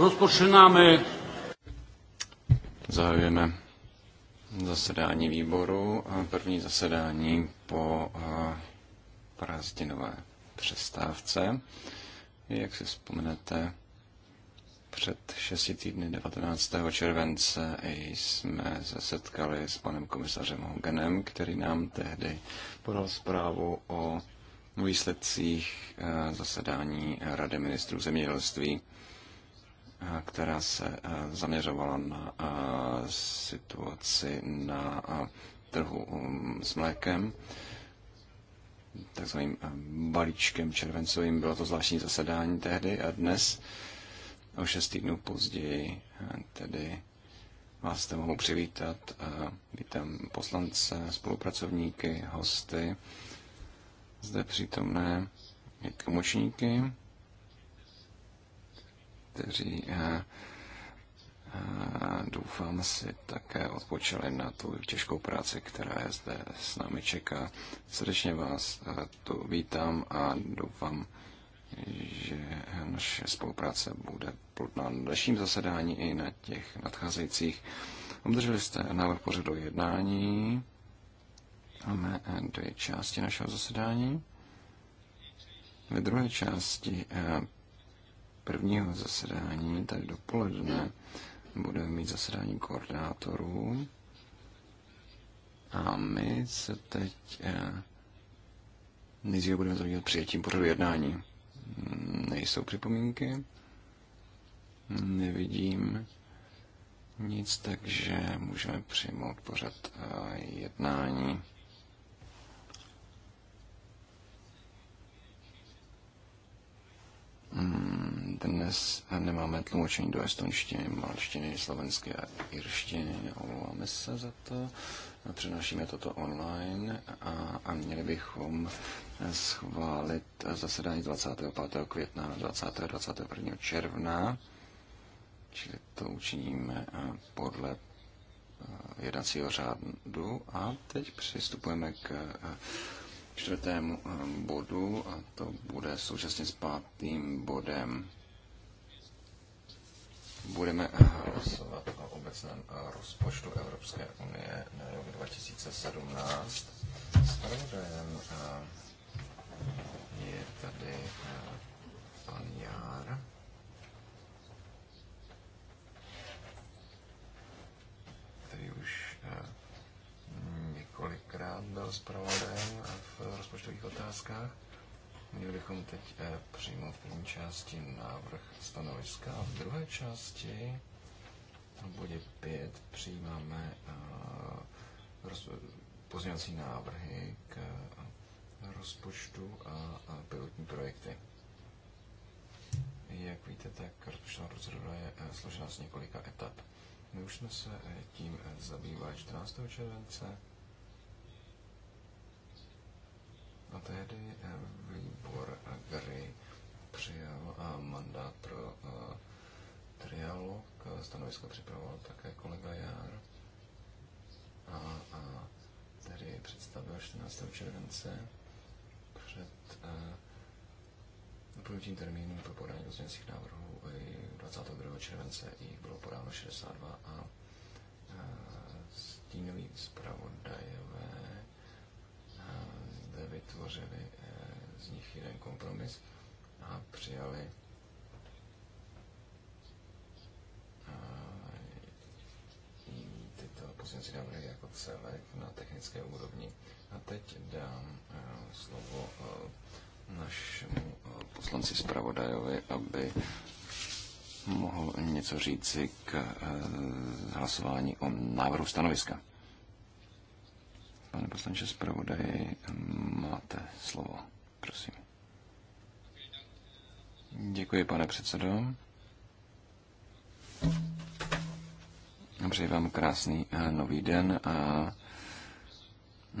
Rozpočínáme. Zahajujeme zasedání výboru. První zasedání po prázdninové přestávce. Jak si vzpomenete, před šesti týdny 19. července jsme se setkali s panem komisařem Hoganem, který nám tehdy podal zprávu o výsledcích zasedání Rady ministrů zemědělství která se eh, zaměřovala na eh, situaci na eh, trhu mm, s mlékem, takzvaným balíčkem červencovým. Bylo to zvláštní zasedání tehdy a dnes, o šest týdnů později, tedy vás zde mohu přivítat. Vítám poslance, spolupracovníky, hosty, zde přítomné tlumočníky kteří eh, eh, doufám si také odpočali na tu těžkou práci, která je zde s námi čeká. Srdečně vás eh, tu vítám a doufám, že naše spolupráce bude plodná na dalším zasedání i na těch nadcházejících. Obdrželi jste návrh pořadu jednání. Máme dvě části našeho zasedání. Ve druhé části prvního zasedání, tak dopoledne, budeme mít zasedání koordinátorů. A my se teď eh, nejdříve budeme zabývat přijetím pořadu jednání. Nejsou připomínky? Nevidím nic, takže můžeme přijmout pořad eh, jednání. Mm, dnes nemáme tlumočení do estonštiny, malštiny, slovenské a irštiny. Omlouváme se za to. Přenášíme toto online a, a měli bychom schválit zasedání 25. května na 20. 21. června. Čili to učiníme eh, podle eh, jednacího řádu. A teď přistupujeme k eh, čtvrtému ehm, bodu a to bude současně s pátým bodem. Budeme eh, hlasovat o obecném eh, rozpočtu Evropské unie na rok 2017. Spravodajem ehm, je tady eh, zpravodajem v rozpočtových otázkách. Měli bychom teď eh, přijmout v první části návrh stanoviska a v druhé části v bodě 5 přijímáme eh, pozměňovací návrhy k rozpočtu a pilotní projekty. Jak víte, tak rozpočtová procedura je eh, složena z několika etap. My už jsme se tím zabývali 14. července A tehdy eh, výbor Agri přijal eh, mandát pro eh, trialog, stanovisko připravoval také kolega Jár. A, a tehdy představil 14. července před Uplynutím termínu pro podání pozměňovacích návrhů 22. července jich bylo podáno 62 a stínový zpravodajové jste vytvořili eh, z nich jeden kompromis a přijali tyto pozměnci návrhy jako celek na technické úrovni. A teď dám eh, slovo eh, našemu poslanci zpravodajovi, aby mohl něco říci k hlasování o návrhu stanoviska. Pane poslanče zpravodaji, máte slovo. Prosím. Děkuji, pane předsedo. Přeji vám krásný eh, nový den a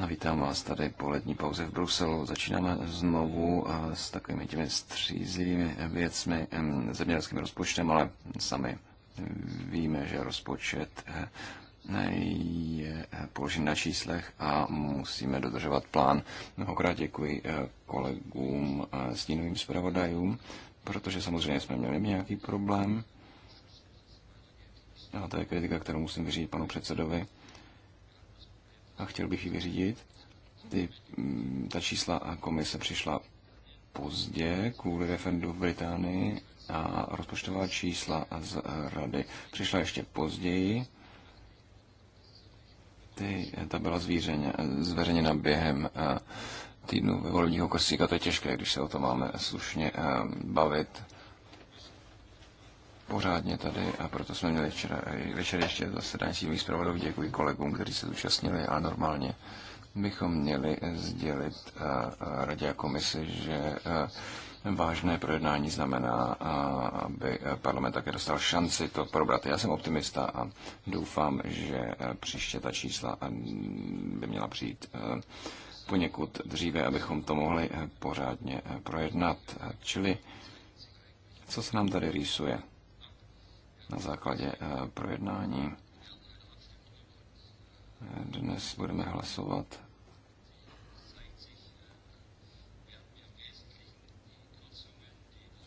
Vítám vás tady po letní pauze v Bruselu. Začínáme znovu eh, s takovými těmi střízlivými věcmi, eh, zemědělským rozpočtem, ale sami víme, že rozpočet je eh, položen na číslech a musíme dodržovat plán. Mnohokrát děkuji eh, kolegům eh, stínovým zpravodajům, protože samozřejmě jsme měli nějaký problém. A to je kritika, kterou musím vyřídit panu předsedovi. A chtěl bych ji vyřídit. Ty, mm, ta čísla a komise přišla pozdě kvůli referendu v Británii a rozpočtová čísla z rady přišla ještě později ty, ta byla zvířeně, zveřejněna během eh, týdnu volebního kosíka. To je těžké, když se o to máme slušně eh, bavit pořádně tady a proto jsme měli včera, eh, večer ještě zasedání sídlých zpravodov. Děkuji kolegům, kteří se zúčastnili a normálně bychom měli sdělit radě a komisi, že vážné projednání znamená, aby parlament také dostal šanci to probrat. Já jsem optimista a doufám, že e, příště ta čísla e, by měla přijít e, poněkud dříve, abychom to mohli pořádně projednat. Čili, co se nám tady rýsuje na základě projednání? Dnes budeme hlasovat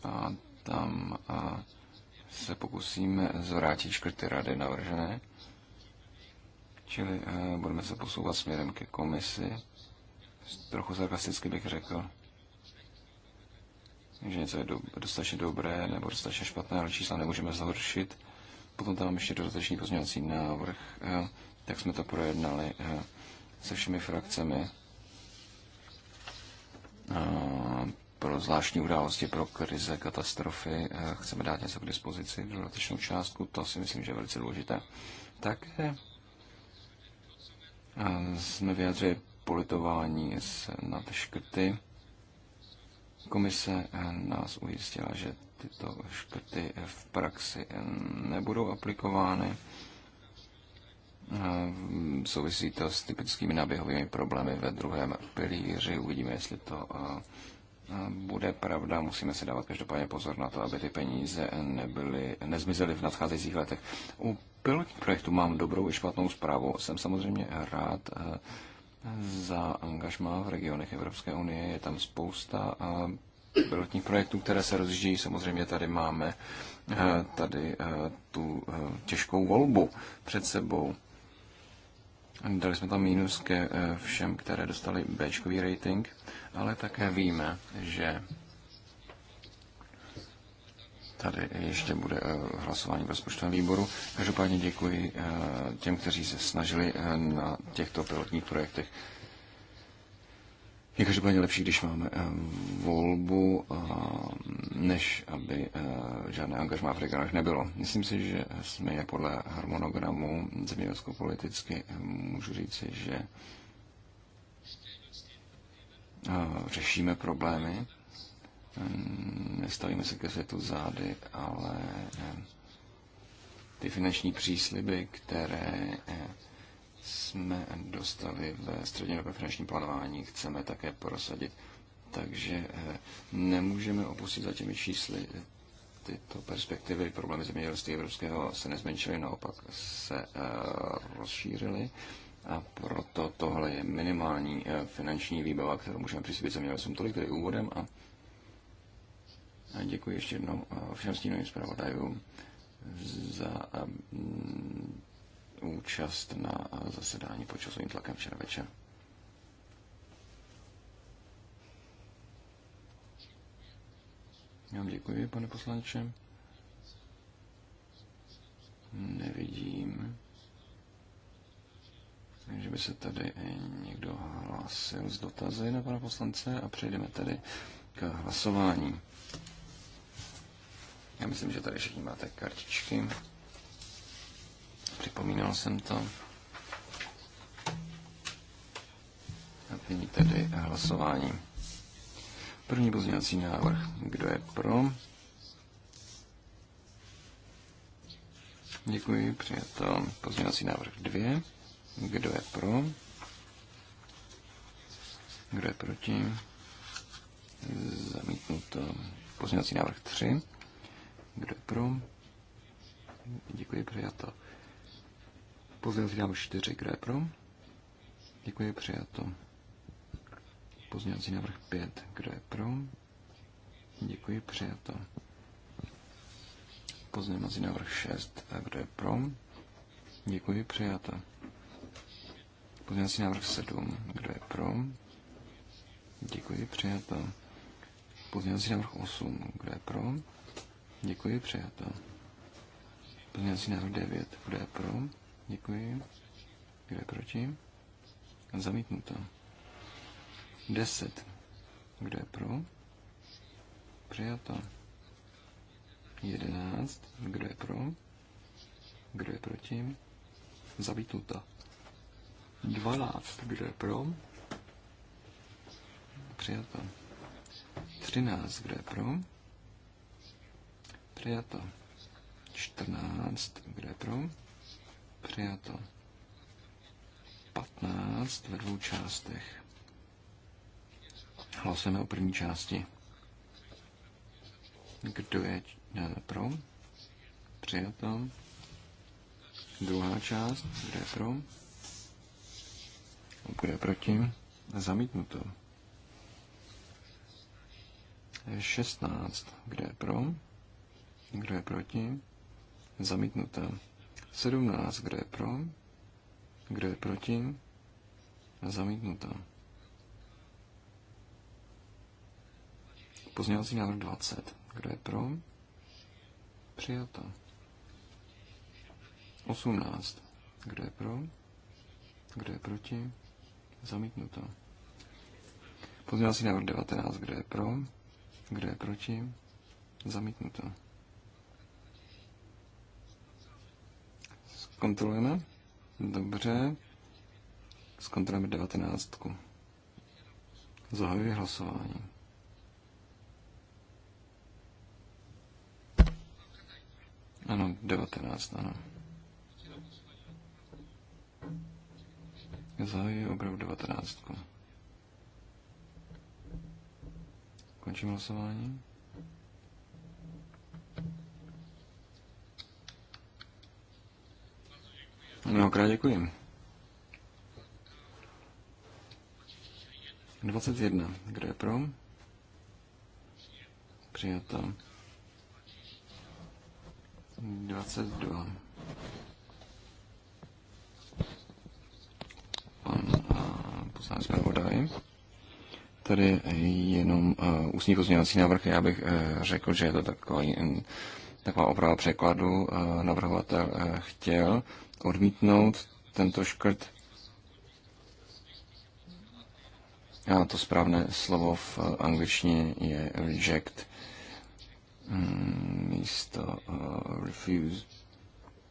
a tam a se pokusíme zvrátit škrty rady navržené, čili a, budeme se posouvat směrem ke komisi. Trochu sarkasticky bych řekl, že něco je do, dostatečně dobré nebo dostatečně špatné, ale čísla nemůžeme zhoršit. Potom tam mám ještě dodatečný pozměňovací návrh, a, tak jsme to projednali a, se všemi frakcemi pro zvláštní události, pro krize, katastrofy. Eh, chceme dát něco k dispozici, dodatečnou částku, to si myslím, že je velice důležité. Také eh, jsme vyjadřili politování s nad škrty. Komise eh, nás ujistila, že tyto škrty v praxi nebudou aplikovány. Souvisí to s typickými náběhovými problémy ve druhém pilíři. Uvidíme, jestli to bude pravda, musíme se dávat každopádně pozor na to, aby ty peníze nebyly, nezmizely v nadcházejících letech. U pilotních projektů mám dobrou i špatnou zprávu. Jsem samozřejmě rád eh, za angažma v regionech Evropské unie. Je tam spousta eh, pilotních projektů, které se rozjíždějí. Samozřejmě tady máme eh, tady tu těžkou volbu před sebou. Dali jsme tam mínus ke všem, které dostali Bčkový rating ale také víme, že tady ještě bude eh, hlasování v rozpočtovém výboru. Každopádně děkuji eh, těm, kteří se snažili eh, na těchto pilotních projektech. Je každopádně lepší, když máme volbu, než aby žádné angažmá v regionech nebylo. Myslím si, že jsme je podle harmonogramu zemědělsko-politicky, můžu říci, že řešíme problémy, nestavíme se ke světu zády, ale eh, ty finanční přísliby, které eh, jsme dostali ve střednědobé finančním plánování, chceme také prosadit. Takže eh, nemůžeme opustit za těmi čísly tyto perspektivy. Problémy zemědělství evropského se nezmenšily, naopak se rozšířily a proto tohle je minimální eh, finanční výbava, kterou můžeme přispět jsem Tolik tedy úvodem a, a děkuji ještě jednou eh, všem stínovým zpravodajům za eh, mm, účast na zasedání pod časovým tlakem včera večer. Já vám děkuji, pane poslanče. Nevidím že by se tady někdo hlásil z dotazy na pana poslance a přejdeme tedy k hlasování. Já myslím, že tady všichni máte kartičky. Připomínal jsem to. A nyní tedy hlasování. První pozměňovací návrh. Kdo je pro? Děkuji, přijato pozměňovací návrh 2. Kdo je pro? Kdo je proti? Zamítnuto. Pozměňovací návrh 3. Kdo je pro? Děkuji, přijato. Pozměňovací návrh 4. Kdo je pro? Děkuji, přijato. Pozměňovací návrh 5. Kdo je pro? Děkuji, přijato. Pozměňovací návrh 6. Kdo je pro? Děkuji, přijato. Pozměňovací návrh 7. Kdo je pro? Děkuji, přijato. Pozměňovací návrh 8. Kdo je pro? Děkuji, přijato. Pozměňovací návrh 9. Kdo je pro? Děkuji. Kdo je proti? Zamítnuto. 10. Kdo je pro? Přijato. 11. Kdo je pro? Kdo je proti? Zamítnuto. 12. Kdo je pro? Přijato. 13. Kdo je pro? Přijato. 14. Kdo je pro? Přijato. 15 ve dvou částech. Hlasujeme o první části. Kdo je ne, eh, pro? Přijato. Druhá část. Kdo je pro? Kdo je proti? Zamítnuto. 16. Kdo je pro? Kdo je proti? Zamítnuto. 17. Kdo je pro? Kdo je proti? Zamítnuto. Pozměňovací návrh 20. Kdo je pro? Přijato. 18. Kdo je pro? Kdo je proti? Zamítnuto. Pozměňovací návrh 19, kdo je pro, kdo je proti, zamítnuto. Zkontrolujeme? Dobře. Zkontrolujeme 19. Zahajuji hlasování. Ano, 19, ano. Zahají obrov 19. Končím hlasování. Mnohokrát děkuji. 21. Kdo je pro? Přijato. 22. pane Tady jenom uh, ústní pozměňovací návrh. Já bych uh, řekl, že je to takový, um, taková oprava překladu. Uh, navrhovatel uh, chtěl odmítnout tento škrt. A to správné slovo v angličtině je reject mm, místo uh, refuse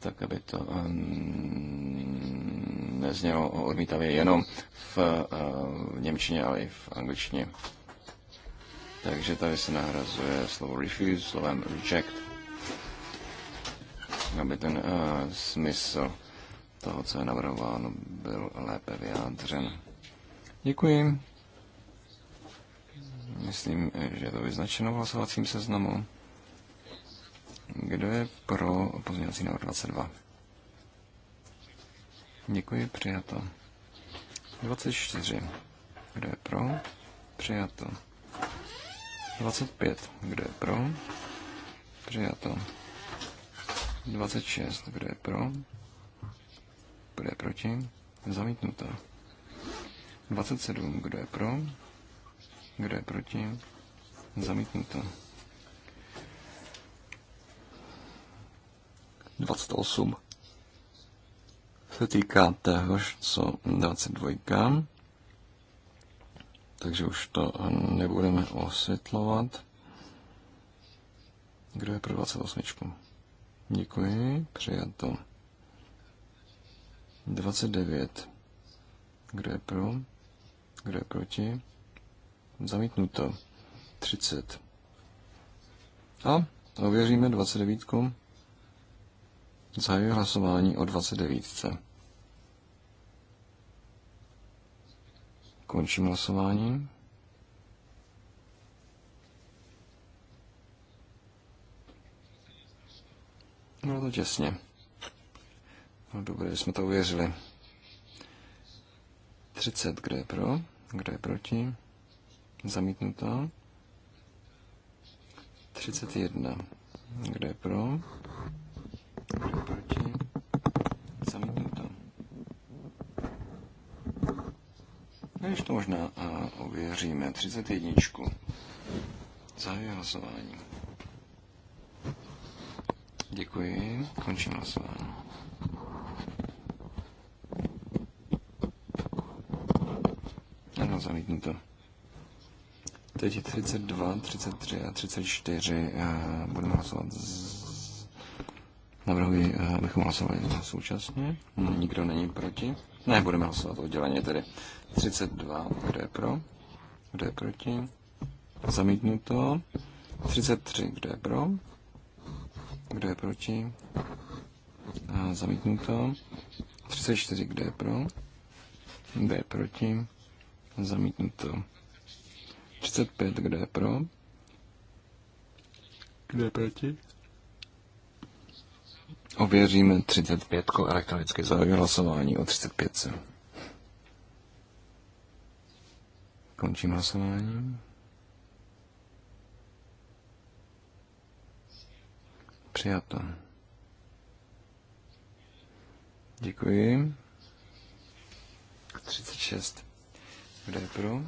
tak aby to eh, neznělo odmítavě jenom eh, v Němčině, ale i v angličtině. Takže tady se nahrazuje slovo refuse slovem reject, aby ten uh, smysl toho, co je navrhováno, byl lépe vyjádřen. Děkuji. Myslím, že je to vyznačeno v hlasovacím seznamu. Kdo je pro pozměňovací návrh 22? Děkuji, přijato. 24. Kdo je pro? Přijato. 25. Kdo je pro? Přijato. 26. Kdo je pro? Kdo je proti? Zamítnuto. 27. Kdo je pro? Kdo je proti? Zamítnuto. 28 se týká téhož, co 22. Takže už to nebudeme osvětlovat. Kdo je pro 28? Děkuji, přijato. 29. Kdo je pro? Kdo je proti? Zamítnuto. 30. A ověříme 29. Zahajuji hlasování o 29. Končím hlasování. No to těsně. No dobře, jsme to uvěřili. 30, kdo je pro, kdo je proti. Zamítnuto. 31, kdo je pro, proti, zamítnuto. Když no to možná a ověříme, 31. Zahajuji hlasování. Děkuji, končím hlasování. Ano, zamítnuto. Teď je 32, 33 a 34. Budeme hlasovat z Navrhuji, eh, abychom hlasovali současně. No, nikdo není proti. Ne, budeme hlasovat odděleně tedy. 32, kdo je pro, kdo je proti. Zamítnuto. 33, eh, kdo je pro, kdo je proti. zamítnuto. 34, kdo je pro, kdo je proti. Zamítnuto. 35, kdo je pro, kdo je proti. Ověříme 35 elektronicky zahajuji hlasování o 35. Končím hlasování. Přijato. Děkuji. 36. Kdo je pro?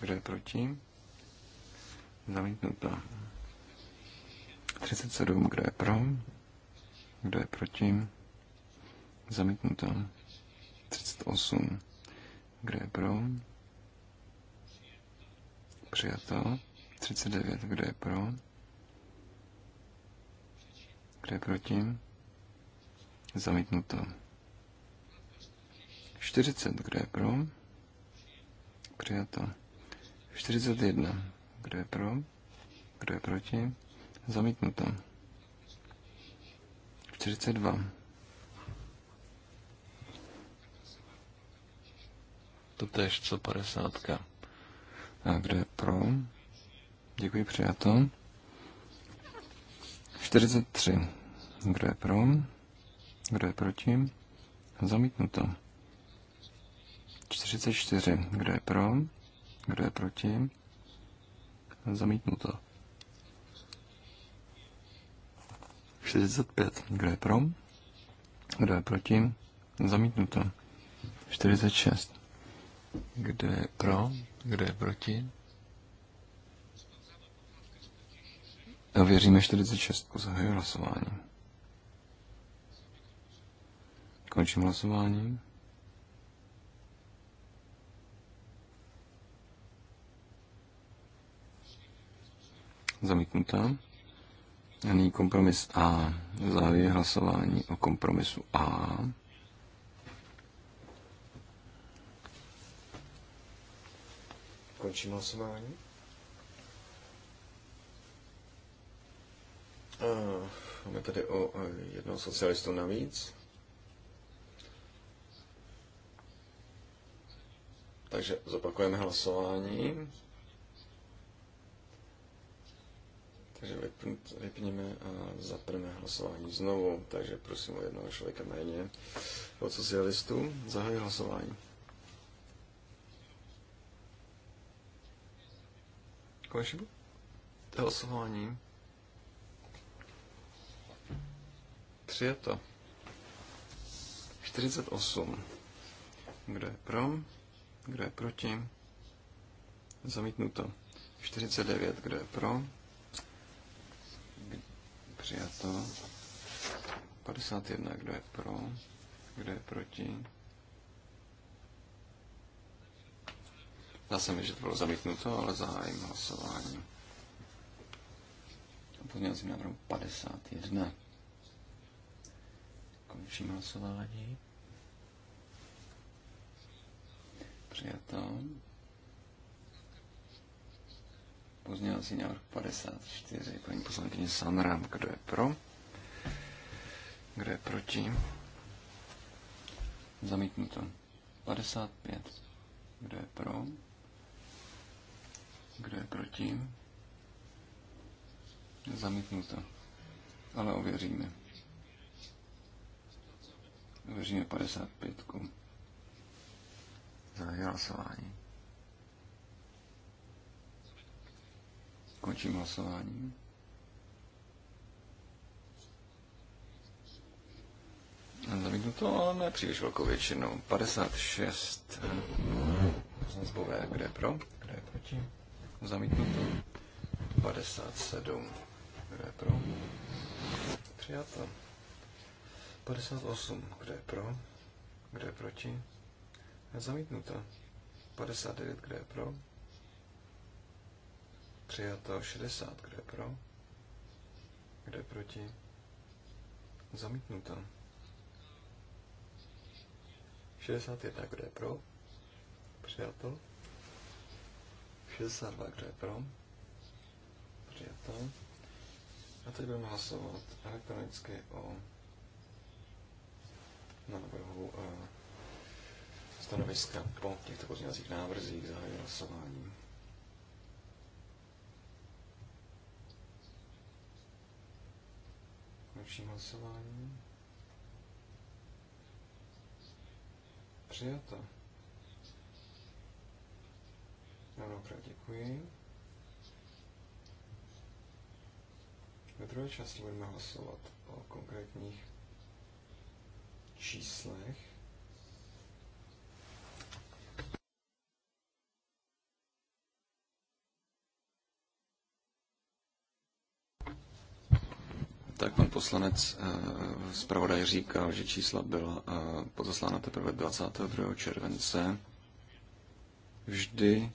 Kdo je proti? Zamítnuto. 37. Kdo je pro? Kdo je proti? Zamítnuto. 38. Kdo je pro? Přijato. 39. Kdo je pro? Kdo je proti? Zamítnuto. 40. Kdo je pro? Přijato. 41. Kdo je pro? Kdo je proti? Zamítnuto. 42. To tež co 50. A kde je pro? Děkuji, přijato. 43. Kdo je pro? Kdo je proti? Zamítnuto. 44. Kdo je pro? Kdo je proti? Zamítnuto. 45. Kdo je pro? Kdo je proti? Zamítnuto. 46. Kdo je pro? Kdo je proti? Ověříme no, 46. Zahajuji hlasování. Končím hlasování. Zamítnuto. Nyní kompromis A. Závěr hlasování o kompromisu A. Končím hlasování. Uh, máme tady o jednoho socialistu navíc. Takže zopakujeme hlasování. Takže vypněme a zapneme hlasování znovu. Takže prosím o jednoho člověka méně od socialistů. Zahajuji hlasování. Končím hlasování. Tři to. 48. Kdo je pro? Kdo je proti? Zamítnuto. 49. Kdo je pro? Přijato. 51. Kdo je pro? Kdo je proti? Zdá se mi, že to bylo zamítnuto, ale zahájím hlasování. Pozměňovacím návrhu 51. Končím hlasování. Přijato. Pozměňovací návrh 54, paní poslankyně Sanram, kdo je pro? Kdo je proti? Zamítnuto. 55. Kdo je pro? Kdo je proti? Zamítnuto. Ale ověříme. Ověříme 55. Zahajuji hlasování. Končím hlasování. Zamítnuto, ale ne příliš velkou většinu. 56 zbové, kde je pro, kde je proti. Zamítnuto. 57, kde je pro. Přijato. 58, kde je pro, kde je proti. Zamítnuto. 59, kde je pro, Přijato 60. Kdo je pro? Kdo je proti? Zamítnuto. 61. Kdo je pro? Přijato. 62. Kdo je pro? Přijato. A teď budeme hlasovat elektronicky o návrhu eh, stanoviska po těchto pozměňovacích návrzích zahájil hlasování. Končím hlasování. Přijata. Mnohokrát děkuji. Ve druhé části budeme hlasovat o konkrétních číslech. poslanec eh, zpravodaj říkal, že čísla byla eh, pozaslána teprve 22. července. Vždy,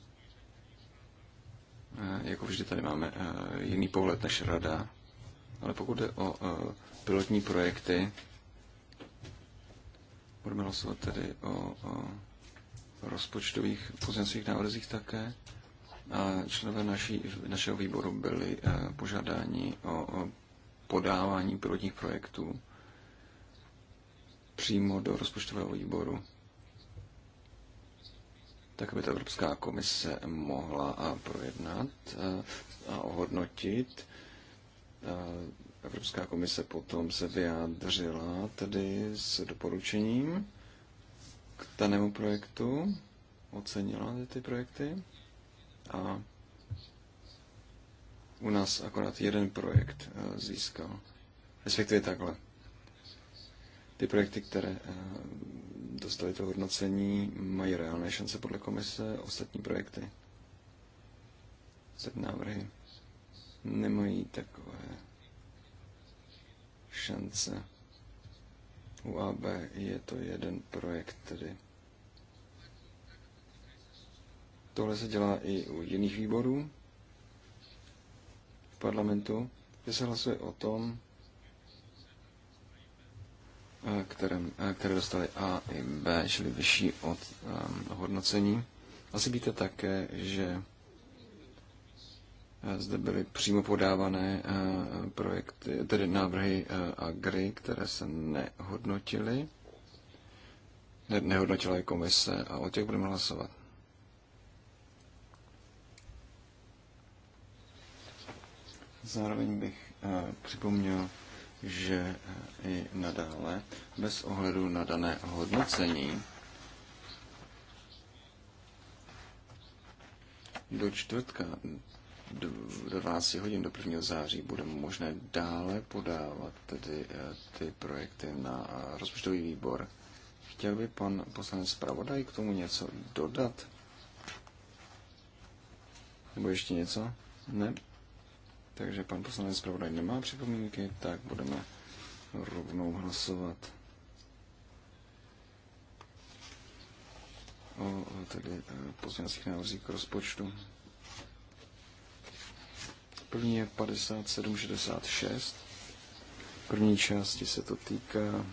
eh, jako vždy tady máme jiný pohled než rada, ale pokud jde o pilotní projekty, budeme hlasovat tedy o, o rozpočtových pozemských návrzích také. A členové naší, našeho výboru byli požádáni o, o podávání pilotních projektů přímo do rozpočtového výboru, tak aby ta Evropská komise mohla a projednat a ohodnotit. Evropská komise potom se vyjádřila tedy s doporučením k danému projektu, ocenila ty projekty a u nás akorát jeden projekt eh, získal. Respektive takhle. Ty projekty, které eh, dostali to hodnocení, mají reálné šance podle komise, ostatní projekty, ostatní návrhy, nemají takové šance. U AB je to jeden projekt tedy. Tohle se dělá i u jiných výborů parlamentu, kde se hlasuje o tom, eh, kterém, eh, které dostali A i B, čili vyšší od um, hodnocení. Asi víte také, že zde byly přímo podávané uh, projekty, tedy návrhy uh, AGRI, které se nehodnotily. Ne, nehodnotila i komise a o těch budeme hlasovat. Zároveň bych eh, připomněl, že eh, i nadále, bez ohledu na dané hodnocení, do čtvrtka do 12 hodin do 1. září bude možné dále podávat tedy eh, ty projekty na rozpočtový výbor. Chtěl by pan poslanec zpravodaj k tomu něco dodat? Nebo ještě něco? Ne? Takže pan poslanec zpravodaj nemá připomínky, tak budeme rovnou hlasovat. O tedy e, pozměňovacích návrzích k rozpočtu. První je 5766. První části se to týká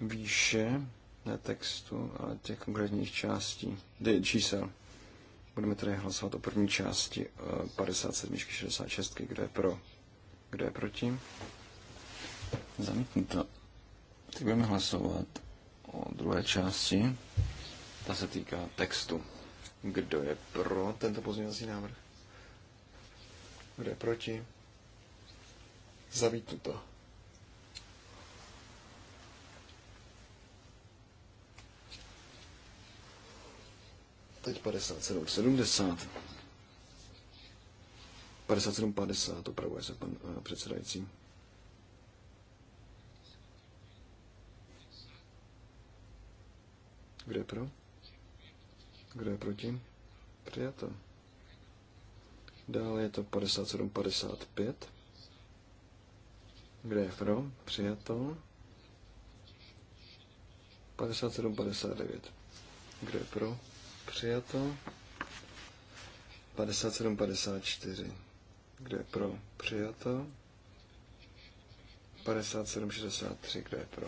výše ne textu, ale těch konkrétních částí, čísel. Budeme tedy hlasovat o první části 57. Eh, 66. Kdo je pro? Kdo je proti? Zamítnuto. Teď budeme hlasovat o druhé části. Ta se týká textu. Kdo je pro tento pozměňovací návrh? Kdo je proti? Zamítnuto. Teď 57, 70. 57, 50, opravuje se pan uh, předsedající. Kdo je pro? Kdo je proti? Přijato. Dále je to 57, 55. Kdo je pro? Přijato. 57, 59. Kdo je pro? přijato. 57-54, kdo je pro, přijato. 57-63, kdo je pro,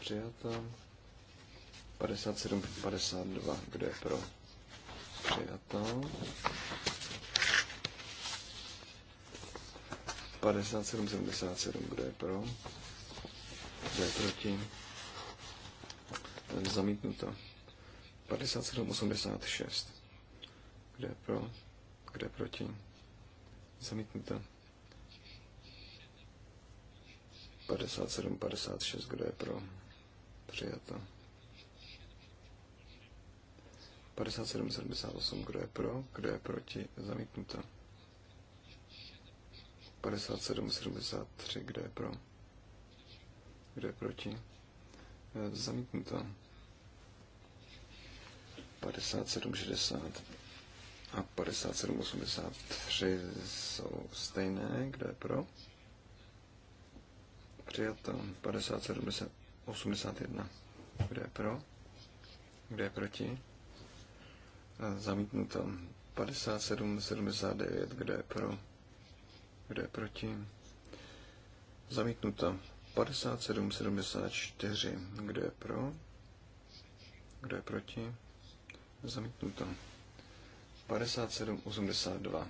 přijato. 57-52, kdo je pro, přijato. 57-77, kdo je pro, kdo je proti. Zamítnuto. 57,86. Kde je pro? Kde je proti? Zamítnete. 57,56. Kdo je pro? Přijato. 57,78. Kdo je pro? Kdo je proti? Zamítnuto. 57,73. Kdo je pro? Kdo je proti? E, Zamítnuto. 57,60 a 57,83 jsou stejné. Kdo je pro? Přijato 57,81. Kdo je pro? Kdo je proti? Zamítnuto 57,79. Kdo je pro? Kdo je proti? Zamítnuto 57,74. Kdo je pro? Kdo je proti? Zamítnuto. 57,82.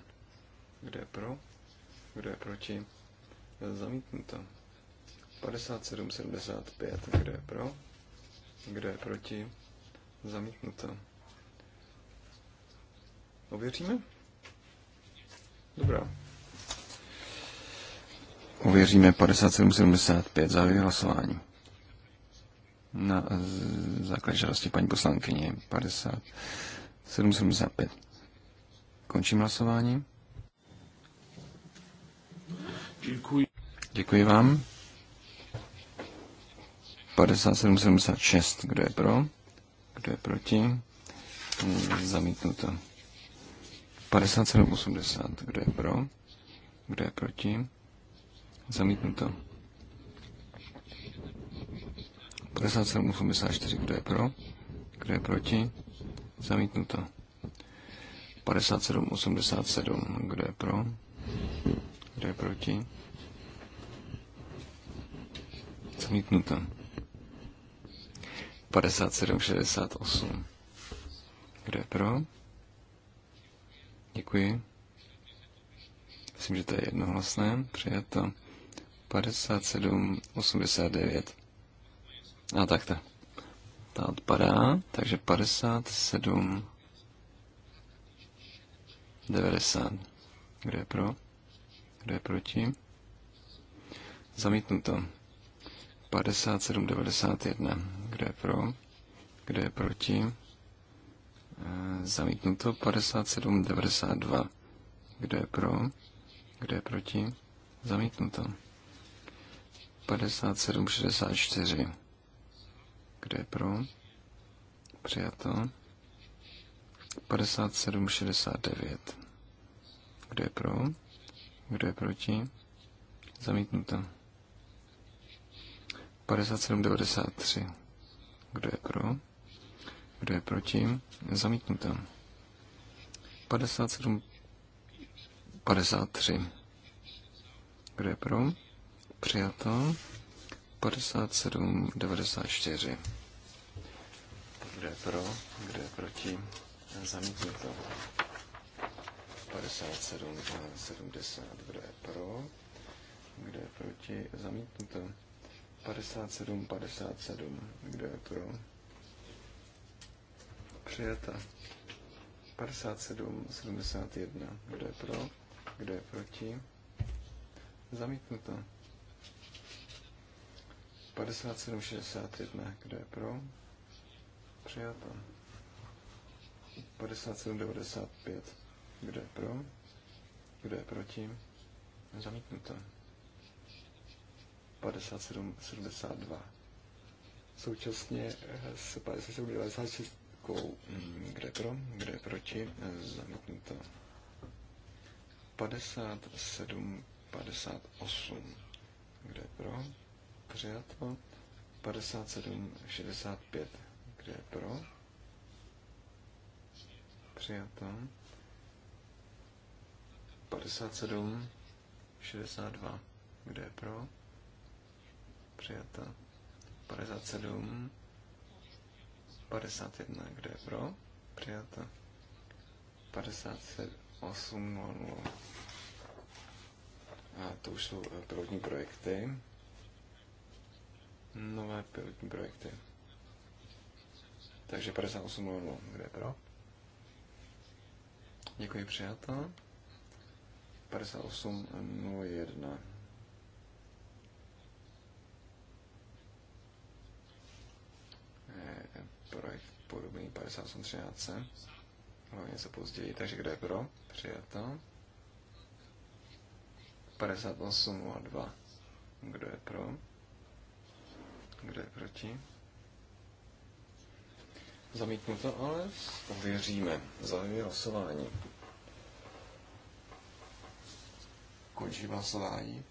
Kdo je pro? Kdo je proti? Zamítnuto. 57,75. Kdo je pro? Kdo je proti? Zamítnuto. Ověříme? Dobrá. Ověříme 57,75. Závěr hlasování na základě žádosti paní poslankyně 5775. Končím hlasování. Děkuji. Děkuji vám. 5776. Kdo je pro? Kdo je proti? Zamítnuto. 5780. Kdo je pro? Kdo je proti? Zamítnuto. 57, 84, kdo je pro, kdo je proti, zamítnuto. 57, 87, kdo je pro, kdo je proti, zamítnuto. 57, 68, kdo je pro, děkuji. Myslím, že to je jednohlasné, přijato. 57, 89. A tak ta, ta odpadá, takže 57, 90. Kdo je pro? Kdo je proti? Zamítnuto. 57, 91. Eh, Kdo je pro? Kdo je proti? Zamítnuto 92. Kdo je pro? Kdo je proti? Zamítnuto. 64. Kdo je pro? Přijato. 57,69. Kdo je pro? Kdo je proti? Zamítnuto. 57,93. Kdo je pro? Kdo je proti? Zamítnuto. 57,53. 53. Kdo je pro? Přijato. 57, 94. Kdo je pro, kdo je proti? Zamítnuto. 57, 70. Kdo je pro, kdo je proti? Zamítnuto. 57, 57. Kdo je pro? Přijata. 57, 71. Kdo je pro? Kdo je proti? Zamítnuto. 57,61, kde je pro? Přijato. 57,95, kdo je pro? Kdo je proti? Zamítnuto. 57,72. Současně eh, s 57,96, kdo je pro? Kdo je proti? Zamítnuto. 57,58, kdo je pro? přijato. 57.65. 65, kde je pro? Přijato. 57.62. 62, kde je pro? Přijato. 57, 51, kde je pro? Přijato. 58, 00 A to už jsou pilotní projekty nové pilotní projekty. Takže 58 milionů, kde je pro? Děkuji, přijato. 58.01. Eh, projekt podobný 58.13. Hlavně se později, takže kde je pro? Přijato. 58.02. Kdo je pro? 58.03 kdo je proti? Zamítnuto, ale ověříme. Zahajuji hlasování. Končím hlasování.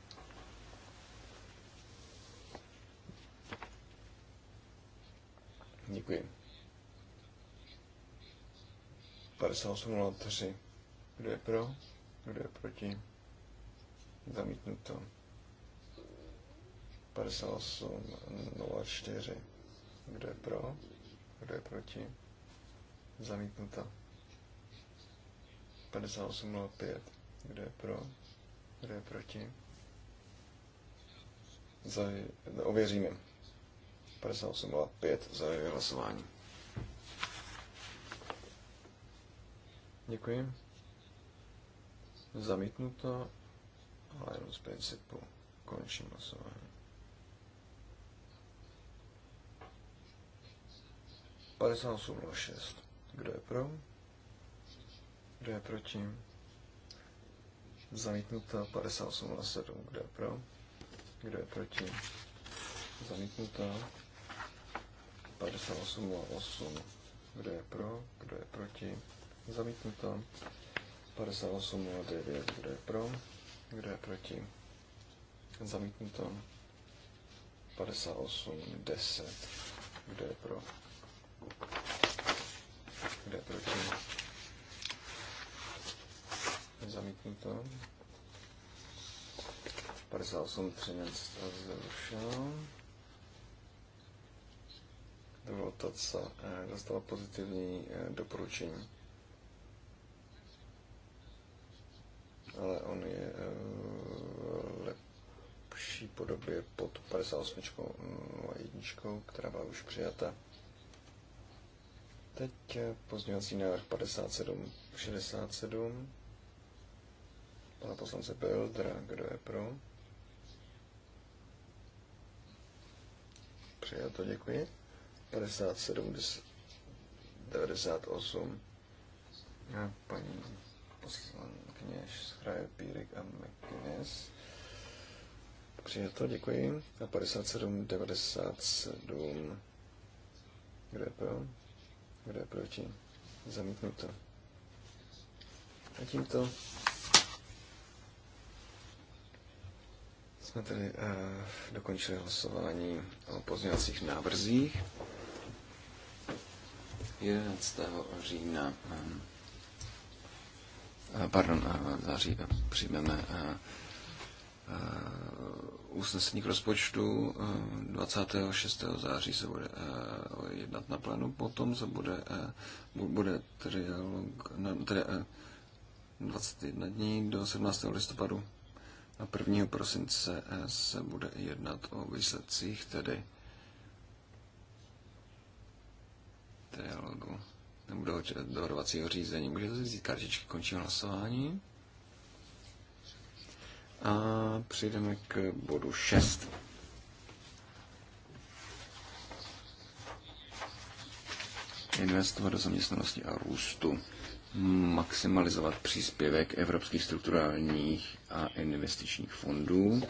Děkuji. 58.03. Kdo je pro? Kdo je proti? Zamítnuto. 58.04. Kdo je pro? Kdo je proti? Zamítnuta. 58.05. Kdo je pro? Kdo je proti? Zaj... No, ověříme. 58.05. Zahajuji hlasování. Děkuji. Zamítnuto, ale jenom z principu končím hlasování. 5806. Kdo je pro? Kdo je proti? Zamítnuto 5807. Kdo je pro? Kdo je proti? Zamítnuto 5808. Kdo je pro? Kdo je proti? Zamítnuto 5809. Kdo je pro? Kdo je proti? Zamítnuto 5810. Kdo je pro? Kde je proti? Zamítnuto. 58, 13 zrušil. Dovotace eh, dostala pozitivní eh, doporučení. ale on je eh, v lepší podobě pod 58 a 1, která byla už přijata. Teď eh, pozdělací návrh 57, 67 pana poslance Bildra. Kdo je pro? Přijato, děkuji. 57, 98 a paní poslankyně Schreier, Pírek a McInnes. Přijato, děkuji. A 57, 97 kdo je pro? Kdo je proti? Zamítnuto. A tímto jsme tedy uh, dokončili hlasování o pozměňovacích návrzích. 11. října, um, pardon, uh, září, přijmeme uh, Eh, usnesení k rozpočtu 26. Eh, září se bude eh, jednat na plénu, potom se bude, bude trialog, tedy 21 dní do 17. listopadu a 1. prosince se bude jednat o výsledcích, tedy trialogu nebo do dohodovacího řízení. Můžete si vzít kartičky, končím hlasování. A přejdeme k bodu 6. Investovat do zaměstnanosti a růstu. Maximalizovat příspěvek evropských strukturálních a investičních fondů.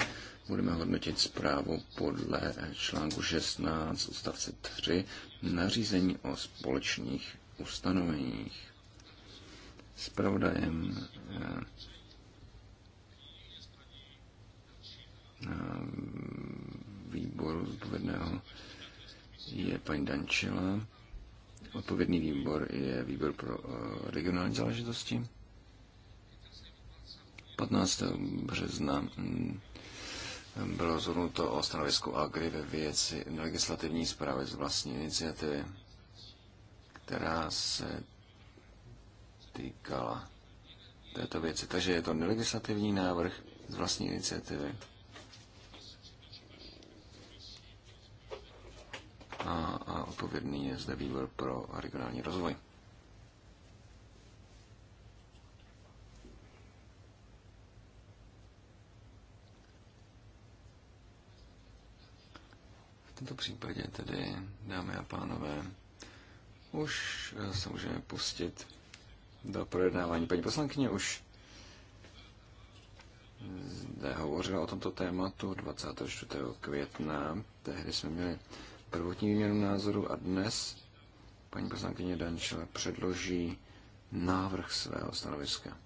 Budeme hodnotit zprávu podle článku 16 odstavce 3 nařízení o společných ustanoveních. Zpravodajem eh, výboru zodpovědného je paní Dančela. Odpovědný výbor je výbor pro eh, regionální záležitosti. 15. března mm, bylo rozhodnuto o stanovisku Agri ve věci legislativní zprávy z vlastní iniciativy, která se týkala této věci. Takže je to nelegislativní návrh z vlastní iniciativy a, a odpovědný je zde výbor pro regionální rozvoj. V tomto případě tedy, dámy a pánové, už eh, se můžeme pustit do projednávání. Paní poslankyně už zde hovořila o tomto tématu 24. května. Tehdy jsme měli prvotní výměnu názoru a dnes paní poslankyně Dančela předloží návrh svého stanoviska.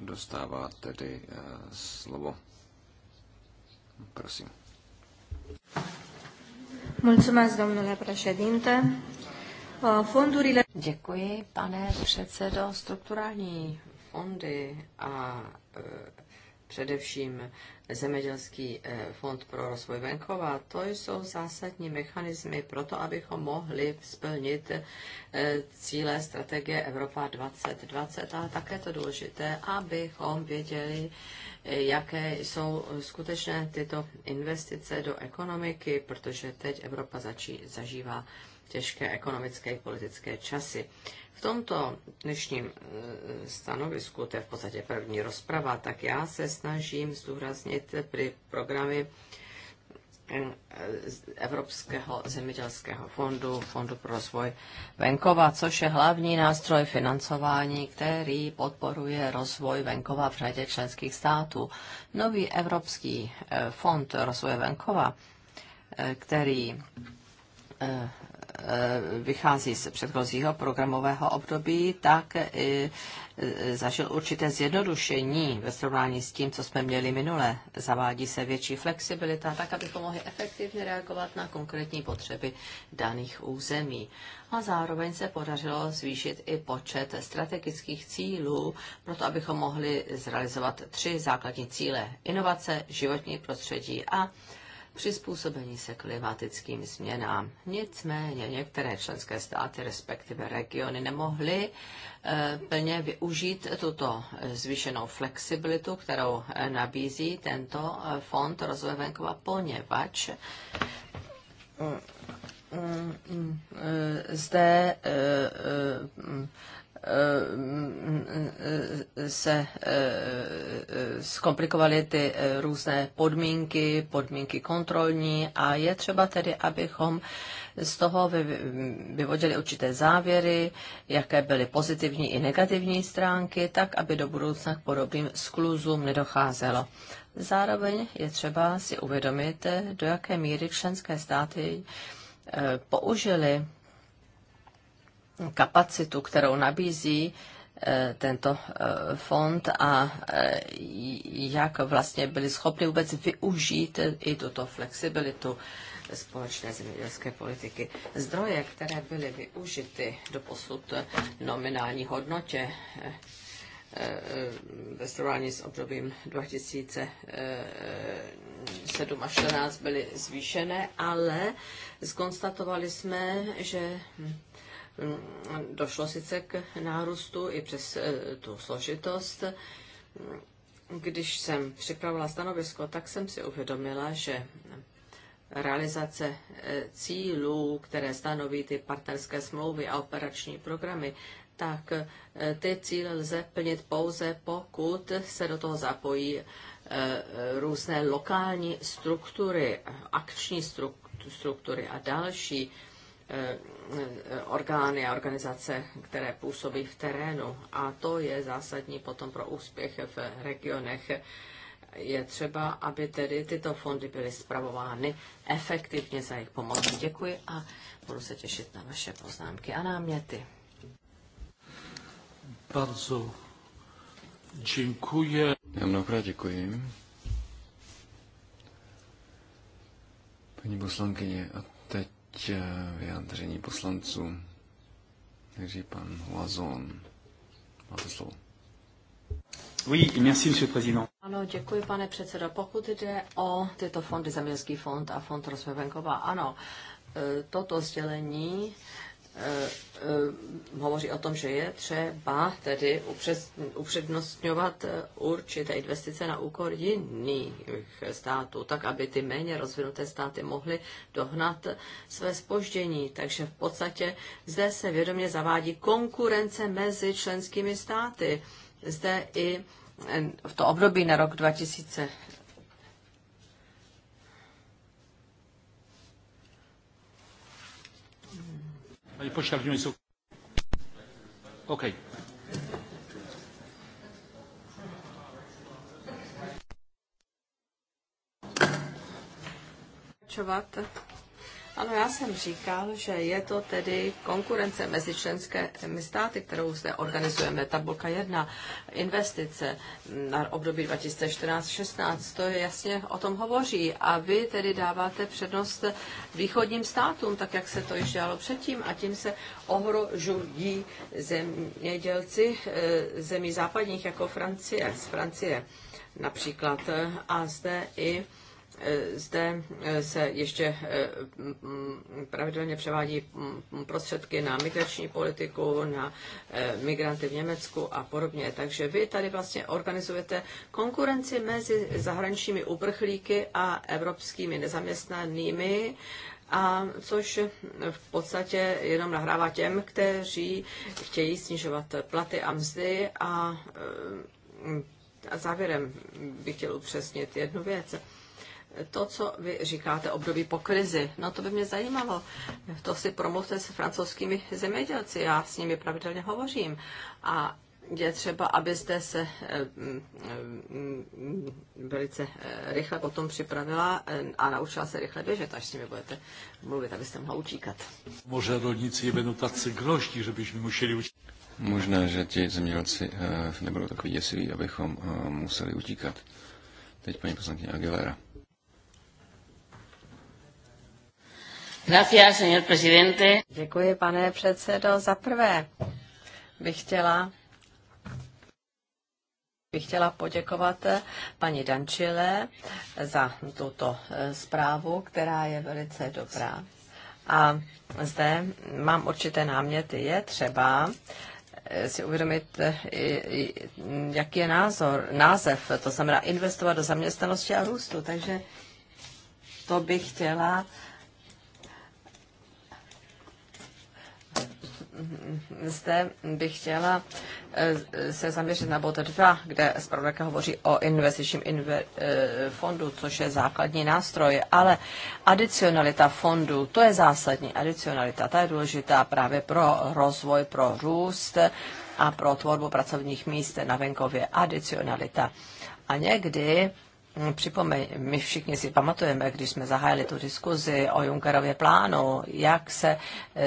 Dostává tedy eh, slovo. Prosím. Eh, Děkuji, pane předsedo. Strukturální fondy a e, především Zemědělský eh, fond pro rozvoj venkova, to jsou zásadní mechanismy pro to, abychom mohli splnit eh, cíle strategie Evropa 2020 a také to důležité, abychom věděli, eh, jaké jsou skutečné tyto investice do ekonomiky, protože teď Evropa začí, zažívá těžké ekonomické i politické časy. V tomto dnešním stanovisku, to je v podstatě první rozprava, tak já se snažím zdůraznit chránit programy eh, Evropského zemědělského fondu, Fondu pro rozvoj venkova, což je hlavní nástroj financování, který podporuje rozvoj venkova v řadě členských států. Nový Evropský eh, fond rozvoje venkova, eh, který Eh, vychází z předchozího programového období, tak eh, zažil určité zjednodušení ve srovnání s tím, co jsme měli minule. Zavádí se větší flexibilita, tak abychom mohli efektivně reagovat na konkrétní potřeby daných území. A zároveň se podařilo zvýšit i počet strategických cílů, proto abychom mohli zrealizovat tři základní cíle. Inovace, životní prostředí a přizpůsobení se klimatickým změnám. Nicméně některé členské státy, respektive regiony, nemohly eh, plně využít tuto zvýšenou flexibilitu, kterou eh, nabízí tento eh, fond rozvoje venkova, poněvadž mm, mm, mm, zde se eh, eh, zkomplikovaly ty eh, různé podmínky, podmínky kontrolní a je třeba tedy, abychom z toho vyvodili určité závěry, jaké byly pozitivní i negativní stránky, tak aby do budoucna k podobným skluzům nedocházelo. Zároveň je třeba si uvědomit, do jaké míry členské státy použili kapacitu, kterou nabízí eh, tento eh, fond a eh, jak vlastně byli schopni vůbec využít i tuto flexibilitu společné zemědělské politiky. Zdroje, které byly využity do posud nominální hodnotě ve srovnání s obdobím 2007 až 2014 byly zvýšené, ale zkonstatovali jsme, že Mm, došlo sice k nárůstu i přes eh, tu složitost. Mm, když jsem připravila stanovisko, tak jsem si uvědomila, že realizace eh, cílů, které stanoví ty partnerské smlouvy a operační programy, tak eh, ty cíle lze plnit pouze, pokud se do toho zapojí různé lokální struktury, akční struktury a další orgány a organizace, které působí v terénu. A to je zásadní potom pro úspěch v regionech. Je třeba, aby tedy tyto fondy byly zpravovány efektivně za jejich pomoc. Děkuji a budu se těšit na vaše poznámky a náměty. Bardzo dziękuję. Já mnohokrát děkuji. Paní poslankyně, a Teď eh, vyjádření poslanců. Takže pan Lazon. Máte slovo. Oui, merci, monsieur le président. Ano, děkuji, pane předsedo. Pokud jde o tyto fondy, Zemědělský fond a Fond rozvoje venkova, ano, eh, toto sdělení Eh, eh, hovoří o tom, že je třeba tedy upřednostňovat eh, určité investice na úkor jiných států, tak aby ty méně rozvinuté státy mohly dohnat své spoždění. Takže v podstatě zde se vědomě zavádí konkurence mezi členskými státy. Zde i v to období na rok 2000 Panie pośle, w jest... OK. Pokračovat. Ano, já jsem říkal, že je to tedy konkurence mezi členské státy, kterou zde organizujeme. Tabulka 1, investice na období 2014-16, to je jasně o tom hovoří. A vy tedy dáváte přednost východním státům, tak jak se to již dělalo předtím, a tím se ohrožují zemědělci eh, zemí západních, jako Francie, z Francie například. A zde i Eh, zde eh, se ještě eh, pravidelně převádí mm, prostředky na migrační politiku, na migranty v Německu a podobně. Takže vy tady vlastně organizujete konkurenci mezi zahraničními uprchlíky a evropskými nezaměstnanými a což v podstatě jenom nahrává těm, kteří chtějí snižovat platy a mzdy a, a závěrem bych chtěl upřesnit jednu věc to, co vy říkáte období po krizi, no to by mě zajímalo. To si promluvte s francouzskými zemědělci, já s nimi pravidelně hovořím. A je třeba, abyste se eh, mm, mm, velice eh, rychle potom připravila eh, a naučila se rychle běžet, až s nimi budete mluvit, abyste mohla učíkat. Možná rodníci budou tak grožní, že bychom museli učíkat. Možná, že ti zemědělci nebudou takový děsiví, abychom museli utíkat. Teď paní poslankyně Aguilera. Děkuji, pane předsedo. Za prvé bych chtěla bych chtěla poděkovat paní Dančile za tuto eh, zprávu, která je velice dobrá. A zde mám určité náměty. Je třeba eh, si uvědomit, eh, jaký je názor, název, to znamená investovat do zaměstnanosti a růstu. Takže to bych chtěla zde bych chtěla eh, se zaměřit na bod 2, kde zpravodajka hovoří o investičním inve, eh, fondu, což je základní nástroj, ale adicionalita fondu, to je zásadní. Adicionalita, ta je důležitá právě pro rozvoj, pro růst a pro tvorbu pracovních míst na venkově. Adicionalita. A někdy Mm, připomeň, my všichni si pamatujeme, když jsme zahájili tu diskuzi o Junckerově plánu, jak se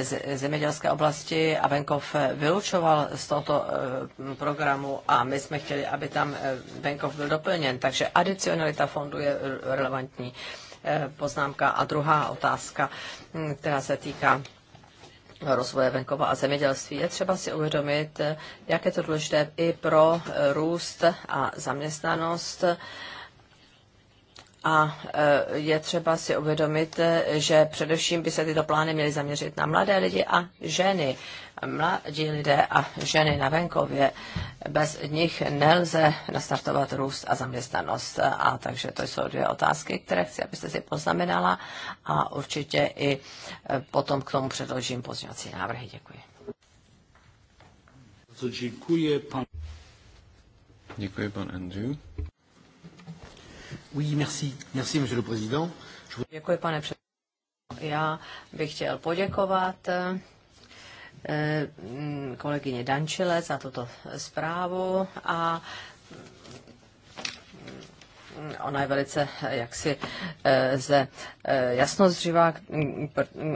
z zemědělské oblasti a venkov vylučoval z tohoto eh, programu a my jsme chtěli, aby tam eh, venkov byl doplněn, takže adicionalita fondu je relevantní eh, poznámka. A druhá otázka, mm, která se týká rozvoje venkova a zemědělství. Je třeba si uvědomit, jak je to důležité i pro růst a zaměstnanost a e, je třeba si uvědomit, že především by se tyto plány měly zaměřit na mladé lidi a ženy. Mladí lidé a ženy na venkově. Bez nich nelze nastartovat růst a zaměstnanost. A takže to jsou dvě otázky, které chci, abyste si poznamenala. A určitě i e, potom k tomu předložím pozměňovací návrhy. Děkuji. Děkuji, pan Andrew. Oui, merci. Merci, monsieur le président. Děkuji, pane předsedo. Já bych chtěl poděkovat eh, eh, kolegyně Dančile za tuto zprávu a ona je velice eh, jaksi eh, eh, jasnost živá.